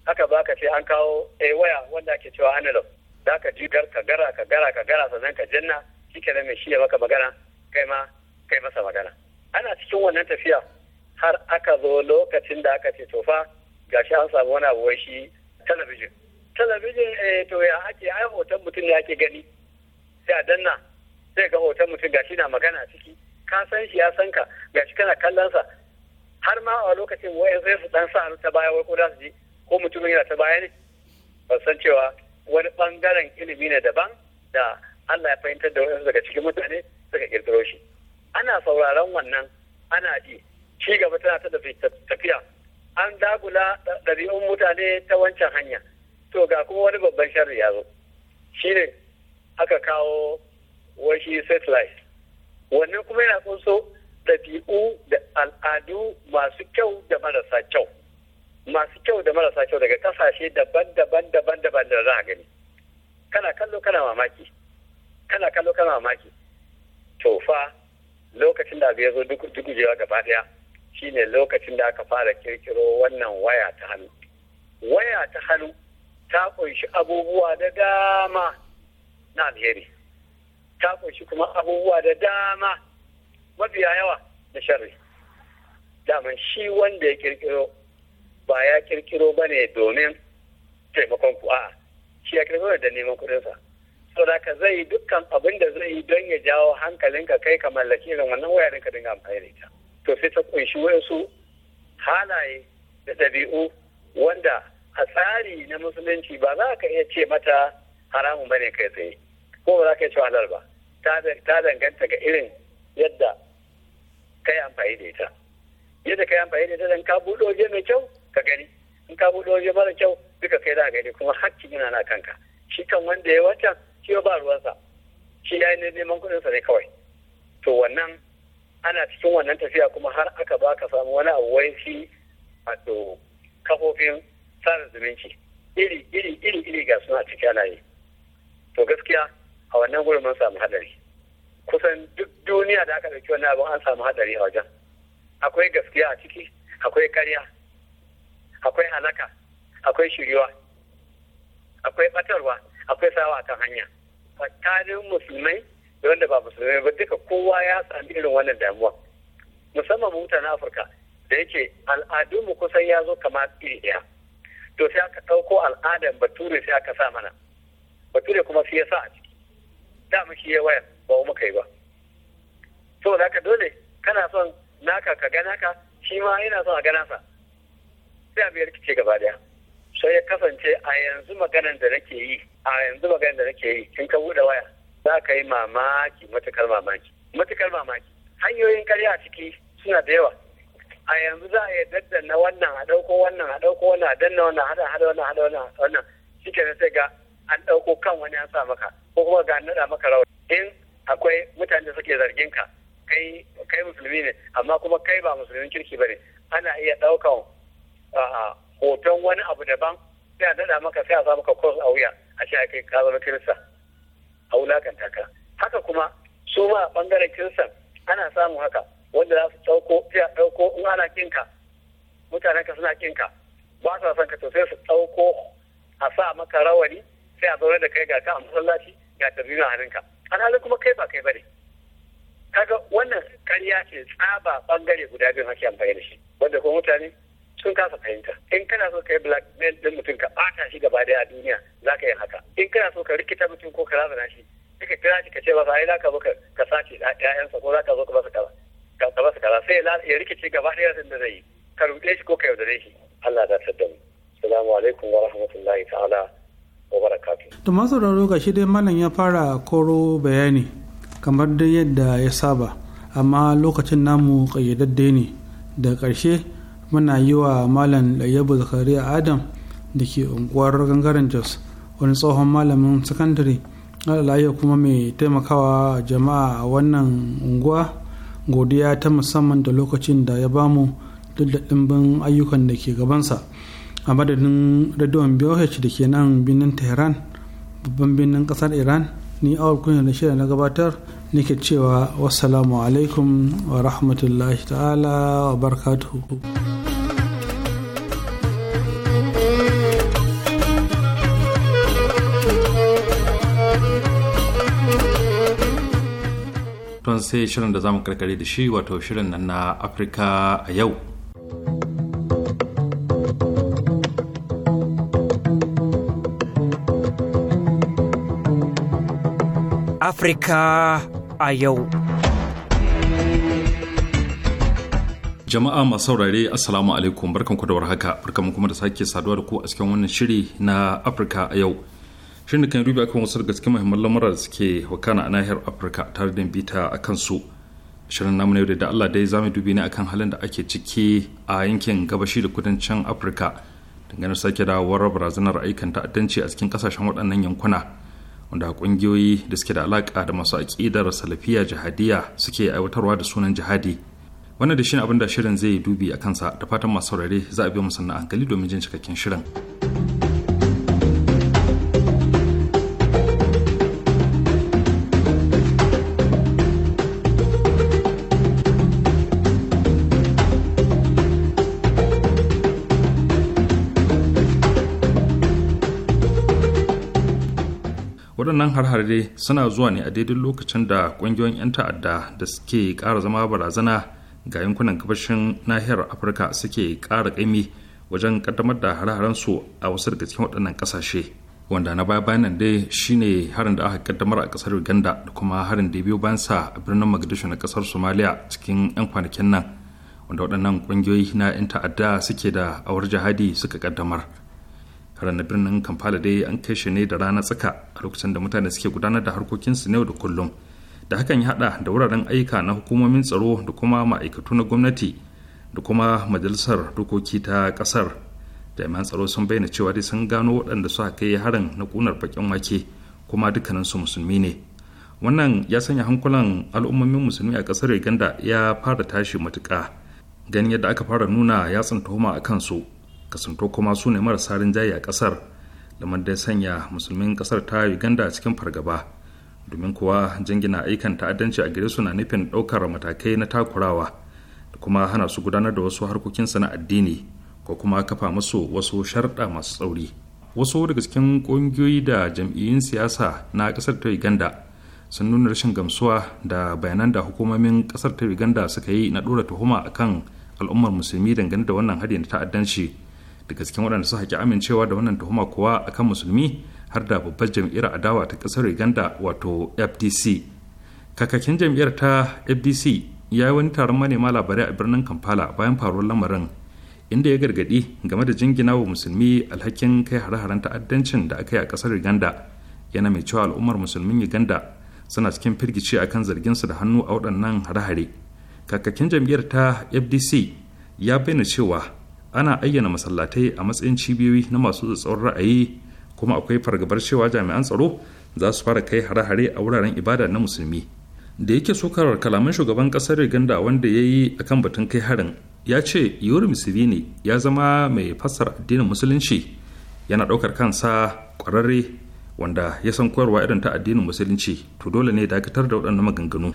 haka ba ka sai an kawo a eh, waya wanda ake cewa analog za ka ji ka gara ka gara ka gara sannan ka janna shi ke mai shi ya maka magana kai ma kai masa magana ana cikin wannan tafiya har aka zo lokacin da aka ce tofa shi an samu wani abu shi talabijin talabijin eh to ya ake ai hoton mutum ne ake gani sai a danna sai ga hoton mutum ga shi na magana ciki ka san shi ya san ka shi kana kallon sa har ma a lokacin wayan sai su dan sa ta baya wai ko su ji ko mutumin yana ta baya ne ba san cewa wani bangaren ilimi ne daban da Allah ya fahimtar da wasu daga cikin mutane suka kirkiro shi ana sauraron wannan ana ji ci gaba tana ta tafiya an dagula ɗari'un mutane ta wancan hanya to ga kuma wani babban sharri ya zo shine aka kawo washi satellite wannan kuma yana kunso ɗabi'u da al'adu masu kyau da marasa kyau masu kyau da marasa kyau daga kasashe daban-daban daban-daban da za a gani kana kallo kana mamaki kana kallo kana mamaki to fa lokacin da abu ya zo dugujewa gaba daya shine lokacin da aka fara kirkiro wannan waya ta hannu waya ta hannu ta kunshi abubuwa da dama na alheri ta ƙunshi kuma abubuwa da dama mafiya yawa da sharri daman shi wanda ya kirkiro ba ya kirkiro ba ne domin taimakon ku a'a shi ya kirkiro da neman kuɗinsa saboda ka zai dukkan abin da zai yi don ya jawo hankalinka kai ka mallaki irin wannan waya ka dinga amfani da ita to sai ta kunshi wayansu halaye da ɗabi'u wanda a tsari na musulunci ba za ka iya ce mata haramun bane kai tsaye ko ba za ka iya cewa halal ba ta danganta ga irin yadda ka yi amfani da ita yadda ka yi amfani da ita dan ka buɗe waje mai kyau ka gani in ka buɗe waje mara kyau duka kai za gani kuma hakkin yana na kanka shi kan wanda ya wancan shi ba ruwansa shi ya yi neman kuɗinsa ne kawai to wannan ana cikin wannan tafiya kuma har aka ba ka samu wani abu wai shi to kafofin sada zumunci iri iri iri iri ga suna ciki ana yi to gaskiya a wannan gurin mun samu hadari kusan duk duniya da aka ɗauki wannan abin an samu hadari a wajen akwai gaskiya a ciki akwai karya akwai halaka akwai shiriwa akwai batarwa akwai sawa a kan hanya tsakanin musulmai da wanda ba musulmai ba duka kowa ya sami irin wannan damuwa musamman mutanen afirka da yake al'adunmu kusan ya zo kamar iri ɗaya to sai aka ɗauko al'adar bature sai aka sa mana bature kuma sai ya sa a ciki da mu shi ya waya ba mu kai ba da ka dole kana son naka ka gana ka. shi ma yana son a gana sa sai a biyar kice gaba daya sai ya kasance a yanzu maganar da nake yi a yanzu maganar da nake yi kin ka bude waya za ka yi mamaki matukar mamaki matukar mamaki hanyoyin karya ciki suna da yawa a yanzu za a yi daddana wannan a ɗauko wannan a ɗauko wannan a danna wannan hada hada wannan hada wannan wannan shi sai ga an ɗauko kan wani an sa maka ko kuma ga naɗa maka rawa in akwai mutane da suke zargin ka kai kai musulmi ne amma kuma kai ba musulmin kirki ba ne ana iya ɗaukan hoton wani abu daban sai a naɗa maka sai a sa maka kos a wuya a shi ake ka zama kirista a wulakanta ka haka kuma su ma ɓangaren kiristan ana samun haka wanda za su ɗauko sai a ɗauko in ana kinka mutanen ka suna kinka ba sa son ka to sai su ɗauko a sa maka rawani sai a zaune da kai ga ka a masallaci ga tabiru a hannunka alhalin kuma kai ba kai bane kaga wannan karya ce tsaba bangare guda biyu ake amfani da shi wanda kuma mutane sun kasa fahimta in kana so ka yi blackmail din mutum ka bata shi gaba daya a duniya za ka yi haka in kana so ka rikita mutum ko ka razana shi ka kira shi ka ce masa ai za ka zo ka sace ƴaƴansa ko za ka zo ka masa kaza ka masa kaza sai ya rikice gaba daya da zai yi ka ruɗe shi ko ka yaudare shi Allah da sadda mu assalamu alaikum wa rahmatullahi ta'ala To masu sauraro ga shi dai manan ya fara koro bayani kamar dai yadda ya saba amma lokacin namu kayyadadde ne da ƙarshe muna yi wa malam zakari zakariya adam da ke unguwar gangaren jos wani tsohon malamin sakandare alalaya kuma mai taimakawa jama'a a wannan unguwa godiya ta musamman da lokacin da ya bamu duk da ɗimbin ayyukan da ke gabansa. a madadin radiyon boh da ke nan birnin tehran babban birnin kasar iran ni awar kunya da shirya na gabatar nake cewa wassalamu alaikum wa rahmatullahi ta'ala wa barakatuhu tun sai shirin da zamu karkare da shi wato shirin nan na afirka a yau Afrika a yau. Jama'a masu saurare Assalamu alaikum barkanku da warhaka barkanku kuma da sake saduwa da ku a cikin wannan shiri na Afirka a yau. Shirin da kan dubi akan wasu daga cikin muhimman lamura da suke wakana a nahiyar Afirka tare da bita a kansu. Shirin namu na yau da Allah dai zamu dubi ne akan halin da ake ciki a yankin gabashi da kudancin Afirka dangane sake dawowar barazanar ayyukan ta'addanci a cikin kasashen waɗannan yankuna. wanda kungiyoyi da suke da alaka da masu aƙidar salafiya jihadiya suke aiwatarwa da sunan jihadi wannan da shine abin da shirin zai dubi a kansa da fatan masu saurare za a biyo musanna hankali domin jin cikakken shirin waɗannan harhare suna zuwa ne a daidai lokacin da ƙungiyoyin 'yan ta'adda da suke ƙara zama barazana ga yankunan gabashin nahiyar afirka suke ƙara ƙaimi wajen ƙaddamar da hare su a wasu daga cikin waɗannan ƙasashe wanda na baya bayan nan dai shine harin da aka ƙaddamar a ƙasar uganda da kuma harin da biyu bansa a birnin mogadishu na ƙasar somalia cikin 'yan kwanakin nan wanda waɗannan ƙungiyoyi na 'yan ta'adda suke da awar jihadi suka ƙaddamar haran birnin kampala dai an kai shi ne da rana tsaka a lokacin da mutane suke gudanar da harkokinsu yau da kullum da hakan ya hada da wuraren aika na hukumomin tsaro da kuma ma'aikatu na gwamnati da kuma majalisar dokoki ta kasar jami'an tsaro sun bayyana cewa dai sun gano waɗanda suka kai harin na ƙunar bakin wake kuma dukkanin su musulmi ne wannan ya sanya hankulan al'ummomin musulmi a ƙasar uganda ya fara tashi matuƙa ganin yadda aka fara nuna yatsun tuhuma a kansu kasanto kuma su ne marasa rinjaye a kasar lamar da ya sanya musulmin kasar ta uganda cikin fargaba domin kuwa jingina aikan ta'addanci a gare su na nufin ɗaukar matakai na takurawa da kuma hana su gudanar da wasu harkokinsu na addini ko kuma kafa musu wasu sharɗa masu tsauri wasu daga cikin ƙungiyoyi da jam'iyyun siyasa na ƙasar ta uganda sun nuna rashin gamsuwa da bayanan da hukumomin ƙasar ta uganda suka yi na ɗora tuhuma akan al'ummar musulmi dangane da wannan hari na ta'addanci daga cikin waɗanda su haƙi amincewa da wannan tuhuma kuwa akan musulmi har da babbar jam'iyyar adawa ta ƙasar uganda wato fdc kakakin jam'iyyar ta fdc ya yi wani taron manema labarai a birnin kampala bayan faruwar lamarin inda ya gargadi game da jingina wa musulmi alhakin kai hare-haren ta'addancin da aka yi a ƙasar uganda yana mai cewa al'ummar musulmin uganda suna cikin firgici akan zarginsu da hannu a waɗannan hare-hare kakakin jam'iyyar ta fdc ya bayyana cewa ana ayyana masallatai a matsayin cibiyoyi na masu tsatsauran ra'ayi kuma akwai fargabar cewa jami'an tsaro za su fara kai hare-hare a wuraren ibada na musulmi da yake sokarar kalaman shugaban kasar uganda wanda ya yi a kan batun kai harin ya ce yuri ne ya zama mai fassara addinin musulunci yana ɗaukar kansa ƙwararre wanda ya san koyarwa irin ta addinin musulunci to dole ne dakatar da waɗannan maganganu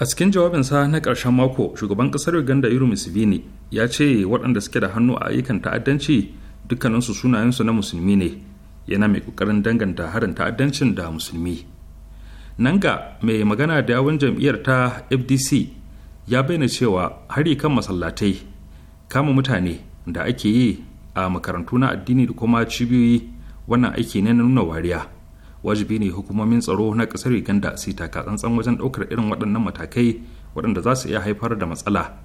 a cikin jawabinsa na ƙarshen mako shugaban ƙasar uganda yuru musulmi ya ce waɗanda suke da hannu a ayyukan ta'addanci dukkaninsu sunayensu na musulmi ne yana mai ƙoƙarin danganta harin ta'addancin da musulmi nanga mai magana da yawon jam'iyyar ta fdc ya bayyana cewa hari kan masallatai kama mutane da ake yi a makarantu na addini da kuma cibiyoyi wannan aiki ne na nuna wariya wajibi ne hukumomin tsaro na ƙasar uganda su taka tsantsan wajen ɗaukar irin waɗannan matakai waɗanda za su iya haifar da matsala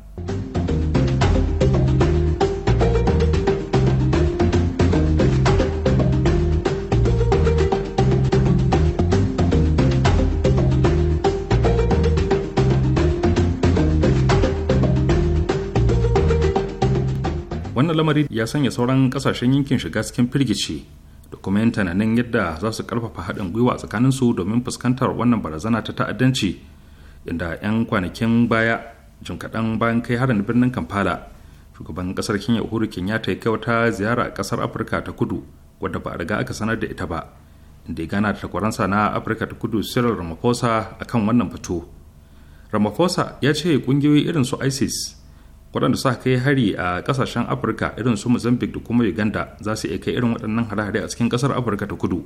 wannan lamari ya sanya sauran kasashen yankin shiga cikin firgici da kuma yin yadda za su karfafa haɗin gwiwa tsakaninsu domin fuskantar wannan barazana ta ta'addanci inda 'yan kwanakin baya jim kaɗan bayan kai harin birnin kampala shugaban ƙasar kenya uhuru kenyatta ya kai wata ziyara a ƙasar afirka ta kudu wadda ba a riga aka sanar da ita ba inda ya gana da takwaransa na afirka ta kudu cyril ramaphosa akan wannan fito ramaphosa ya ce ƙungiyoyi irin su isis waɗanda suka kai hari a ƙasashen afirka irin su mozambique da kuma uganda za su iya kai irin waɗannan hare-hare a cikin ƙasar afirka ta kudu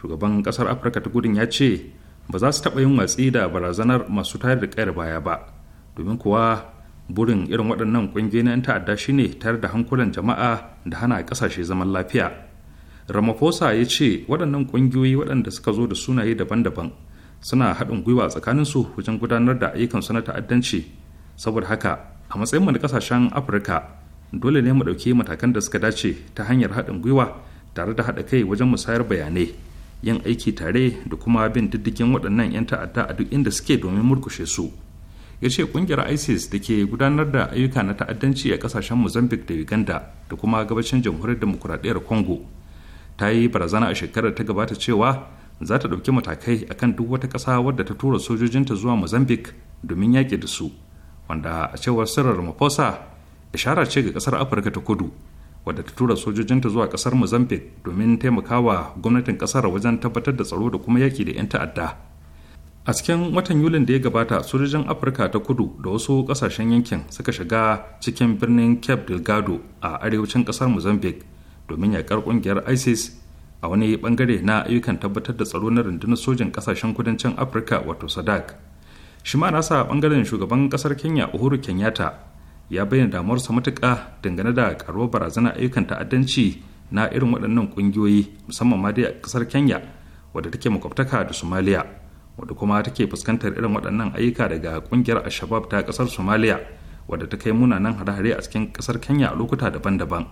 shugaban ƙasar afirka ta kudu ya ce ba za su taɓa yin watsi da barazanar masu tayar da ƙayar baya ba domin kuwa burin irin waɗannan ƙungiyoyi na 'yan ta'adda shine tayar da hankulan jama'a da hana ƙasashe zaman lafiya ramaphosa ya ce waɗannan ƙungiyoyi waɗanda suka zo da sunaye daban-daban suna haɗin gwiwa tsakaninsu wajen gudanar da ayyukan su na ta'addanci saboda haka a matsayinmu na kasashen afirka dole ne mu ɗauki matakan da suka dace ta hanyar haɗin gwiwa tare da haɗa kai wajen musayar bayanai yin aiki tare da kuma bin diddigin waɗannan 'yan ta'adda a duk inda suke domin murkushe su ya ce ƙungiyar isis da ke gudanar da ayyuka na ta'addanci a kasashen mozambique da uganda da kuma gabashin jamhuriyar demokuraɗiyyar congo ta yi barazana a shekarar ta gabata cewa za ta ɗauki matakai akan duk wata ƙasa wadda ta tura sojojinta zuwa mozambique domin yaƙi da su wanda a cewar sirar mafosa ishara ce ga kasar afirka ta kudu wadda ta tura sojojinta zuwa kasar mozambique domin taimakawa gwamnatin kasar wajen tabbatar da tsaro da kuma yaki da 'yan ta'adda a cikin watan yulin da ya gabata sojojin afirka ta kudu da wasu kasashen yankin suka shiga cikin birnin cape delgado a arewacin kasar mozambique domin yakar ƙungiyar isis a wani bangare na ayyukan tabbatar da tsaro na rundunar sojin kasashen kudancin afirka wato sadak shi ma nasa bangaren shugaban kasar kenya uhuru kenyatta ya bayyana damuwarsa matuka dangane da karuwar barazana ayyukan ta'addanci na irin waɗannan kungiyoyi musamman ma dai a kasar kenya wadda take makwabtaka da somalia wadda kuma take fuskantar irin waɗannan ayyuka daga ƙungiyar ashabab ta kasar somalia wadda ta kai munanan hare-hare a cikin kasar kenya a lokuta daban-daban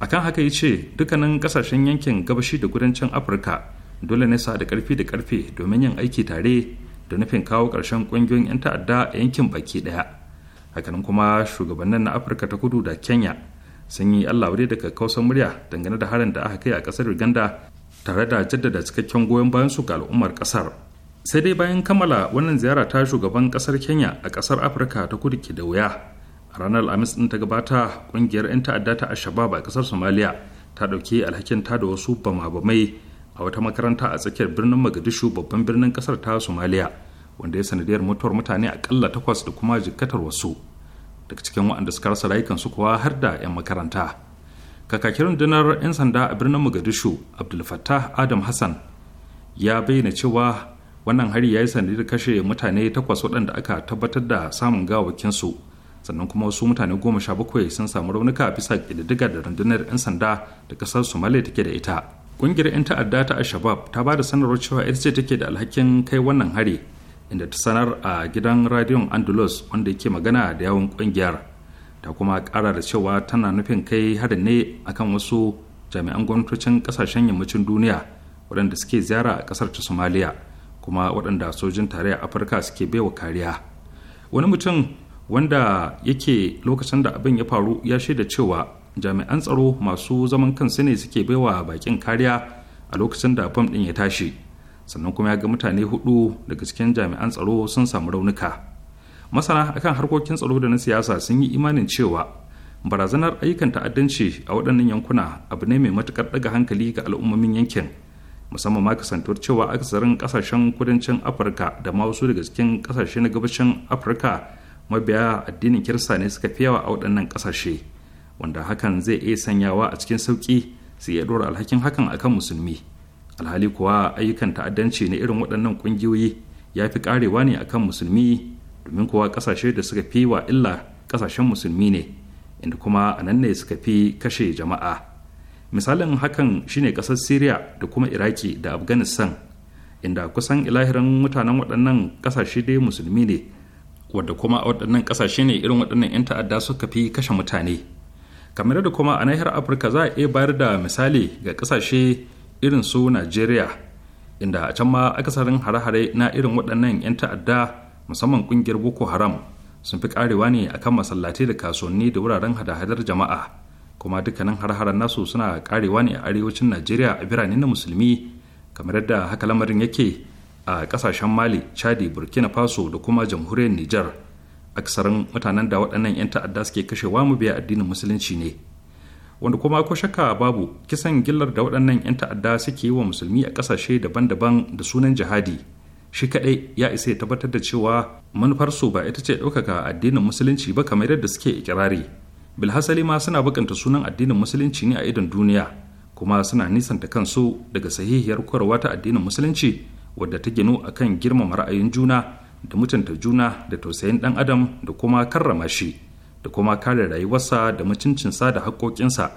akan haka ya ce dukkanin kasashen yankin gabashi da kudancin afirka dole ne sa da karfi da karfe domin yin aiki tare da nufin kawo ƙarshen ƙungiyoyin 'yan ta'adda a yankin baki ɗaya hakanan kuma shugabannin na afirka ta kudu da kenya sun yi allah wuri daga kausan murya dangane da harin da aka kai a ƙasar uganda tare da jaddada cikakken goyon bayan su ga al'ummar ƙasar sai dai bayan kammala wannan ziyara ta shugaban ƙasar kenya a ƙasar afirka ta kudu ke da wuya a ranar alhamis ɗin ta gabata ƙungiyar 'yan ta'adda ta ashabab a ƙasar somaliya ta ɗauki alhakin ta da wasu bama-bamai a wata makaranta a tsakiyar birnin magadishu babban birnin kasar ta somalia wanda ya sanadiyar mutuwar mutane akalla takwas da kuma jikkatar wasu daga cikin waɗanda suka rasa rayukansu kuwa har da 'yan makaranta kakakin rundunar 'yan sanda a birnin magadishu abdul fattah adam hassan ya bayyana cewa wannan hari ya yi sanadiyar kashe mutane takwas waɗanda aka tabbatar da samun su sannan kuma wasu mutane goma sha bakwai sun samu raunuka bisa ƙididdiga da rundunar 'yan sanda da ƙasar somalia take da ita ƙungiyar 'yan ta'adda ta alshabab shabab ta ba da sanarwar cewa ita ce take da alhakin kai wannan hari inda ta sanar a gidan radiyon andalus wanda yake magana da yawon ƙungiyar ta kuma ƙara da cewa tana nufin kai harin ne akan wasu jami'an gwamnatocin ƙasashen yammacin duniya waɗanda suke ziyara a ƙasar ta somaliya kuma waɗanda sojin tarayyar afirka suke baiwa kariya wani mutum wanda yake lokacin da abin ya faru ya shaida cewa jami'an tsaro masu zaman kansu ne suke baiwa bakin kariya a lokacin da fam ɗin ya tashi sannan kuma ya ga mutane hudu daga cikin jami'an tsaro sun samu raunuka masana akan harkokin tsaro da na siyasa sun yi imanin cewa barazanar ayyukan ta'addanci a waɗannan yankuna abu ne mai matukar ɗaga hankali ga al'ummomin yankin musamman ma kasantuwar cewa akasarin kasashen kudancin afirka da ma wasu daga cikin ƙasashe na gabashin afirka mabiya addinin kirista ne suka fiyawa yawa a waɗannan ƙasashe wanda hakan zai iya sanyawa a cikin sauƙi su iya ɗora alhakin hakan akan musulmi alhali kuwa ayyukan ta'addanci na irin waɗannan ƙungiyoyi ya fi ƙarewa ne akan musulmi domin kuwa ƙasashe da suka fi wa illa ƙasashen musulmi ne inda kuma a nan ne suka fi kashe jama'a misalin hakan shine ƙasar syria da kuma iraki da afghanistan inda kusan ilahirin mutanen waɗannan ƙasashe dai musulmi ne wadda kuma a waɗannan ƙasashe ne irin waɗannan 'yan ta'adda suka fi kashe mutane kamar da kuma a nahiyar afirka za a iya bayar da misali ga kasashe irin su nigeria inda a can ma akasarin hare-hare na irin waɗannan 'yan ta'adda musamman ƙungiyar boko haram sun fi karewa ne akan masallatai da kasuwanni da wuraren hada-hadar jama'a kuma dukkanin hare haren nasu suna karewa ne a arewacin nigeria a birane na musulmi kamar yadda haka lamarin yake a kasashen mali chadi burkina faso da kuma jamhuriyar niger aksarin mutanen da waɗannan 'yan ta'adda suke kashewa mu biya addinin musulunci ne wanda kuma ko shakka babu kisan gillar da waɗannan 'yan ta'adda suke yi wa musulmi a ƙasashe daban-daban da sunan jihadi shi kaɗai ya isa ya tabbatar da cewa manufarsu ba ita ce ɗaukaka addinin musulunci ba kamar yadda suke ikirari bilhassali ma suna bukanta sunan addinin musulunci ne a idon duniya kuma suna nisanta kansu daga sahihiyar korowa ta addinin musulunci wadda ta ginu akan girmama ra'ayin juna da mutunta juna da tausayin dan adam da kuma karrama shi da kuma kare rayuwarsa da mutuncinsa da haƙoƙinsa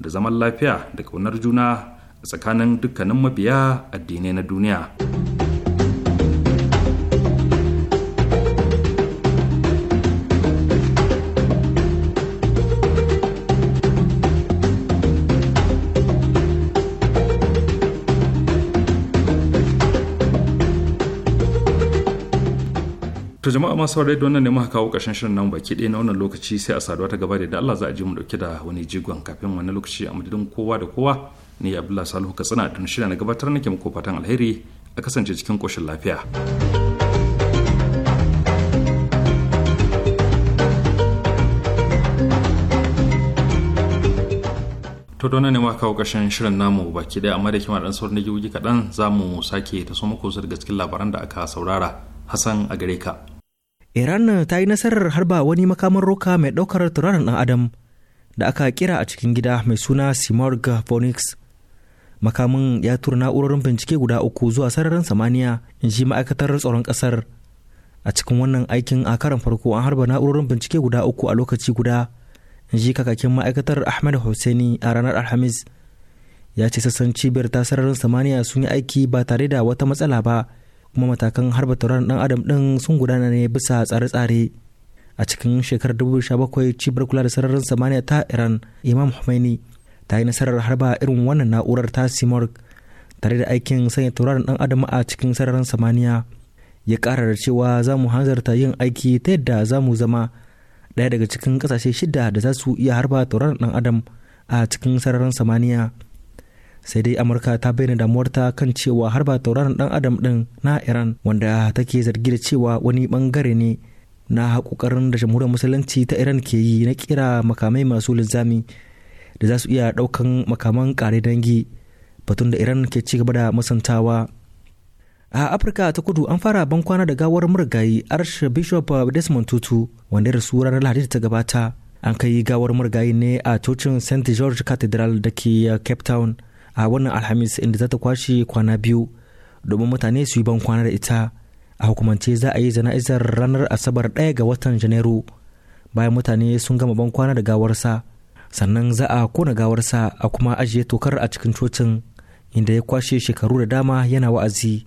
da zaman lafiya da ƙaunar juna tsakanin dukkanin mabiya addinai na duniya. to jama'a masu saurare don wannan ne muka kawo ƙarshen shirin nan baki ɗaya na wannan lokaci sai a saduwa ta gaba da yadda Allah za a ji mu dauke da wani jigon kafin wani lokaci a madadin kowa da kowa ni Abdullahi Salihu Katsina tun shirin na gabatar nake muku fatan alheri a kasance cikin koshin lafiya. to don ne ma kawo ƙarshen shirin namu baki ɗaya amma da kima ɗan sauran da kaɗan za mu sake ta so muku daga cikin labaran da aka saurara hassan a gare ka. iran ta yi nasarar harba wani makamin roka mai ɗaukar turaren ɗan adam da aka kira a cikin gida mai suna simorg phoenix makamin ya tura na'urorin bincike guda uku zuwa sararin samaniya in ji ma'aikatar tsaron ƙasar a cikin wannan aikin a karan farko an harba na'urorin bincike guda uku a lokaci guda in ji kakakin ma'aikatar ahmed hussaini a ranar alhamis ya ce sassan cibiyar ta sararin samaniya sun yi aiki ba tare da wata matsala ba kuma matakan harba tauraron dan adam din sun gudana ne bisa tsare-tsare a cikin shekarar 2017 cibiyar kula da sararin samaniya ta iran imam khomeini ta yi nasarar harba irin wannan na'urar ta simorg tare da aikin sanya tauraron dan adam a cikin sararin samaniya ya kara da cewa za mu hanzarta yin aiki ta yadda za mu zama ɗaya daga cikin kasashe shida da za su iya harba tauraron dan adam a cikin sararin samaniya sai dai amurka ta bayyana damuwarta kan cewa har ba tauraron dan adam din na iran wanda take zargi da cewa wani bangare ne na haƙoƙarin da jamhuriyar musulunci ta iran ke yi na kira makamai masu linzami da za su iya ɗaukan makaman ƙare dangi batun da iran ke ci gaba da musantawa a afirka ta kudu an fara ban kwana da gawar murgayi archbishop desmond tutu wanda ya rasu ranar lahadi ta gabata an kai gawar murgayi ne a cocin st george cathedral da ke cape town a wannan alhamis inda za ta kwashe kwana biyu domin mutane su yi ban kwana da ita a hukumance za a yi jana'izar ranar asabar ɗaya ga watan janairu bayan mutane sun gama ban kwana da gawarsa sannan za a kona gawarsa a kuma ajiye tokar a cikin cocin inda ya kwashe shekaru da dama yana wa'azi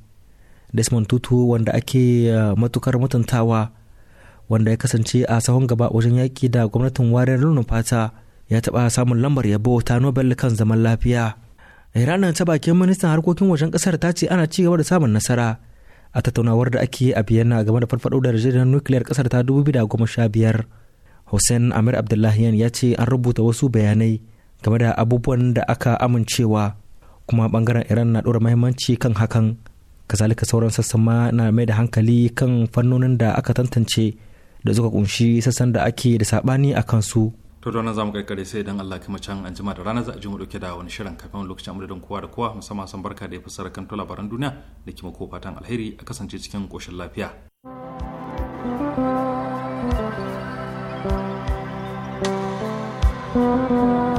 desmond tutu wanda ake eh, matukar mutuntawa wanda ya kasance a sahun gaba wajen yaƙi da gwamnatin wariyar launin fata ya taɓa samun lambar yabo ta nobel kan zaman lafiya Iran ta bakin ministan harkokin wajen kasar ta ce ana ci da samun nasara a tattaunawar da ake yi a biyanna game da farfado da yarjejeniyar nukiliyar kasar ta biyar Hussein Amir Abdullahiyan ya ce an rubuta wasu bayanai game da abubuwan da aka amincewa kuma bangaren Iran na ɗora mahimmanci kan hakan. Kazalika sauran sassan ma na mai da hankali kan fannonin da aka tantance da suka kunshi sassan da ake da sabani a kansu. to da wannan zamu karkare sai idan Allah kuma can an jima da rana za a ji mu dauke da wani shirin kafin lokacin mu da kowa da kowa musamman san barka da ya sarakan to labaran duniya da kuma ko fatan alheri a kasance cikin koshin lafiya thank you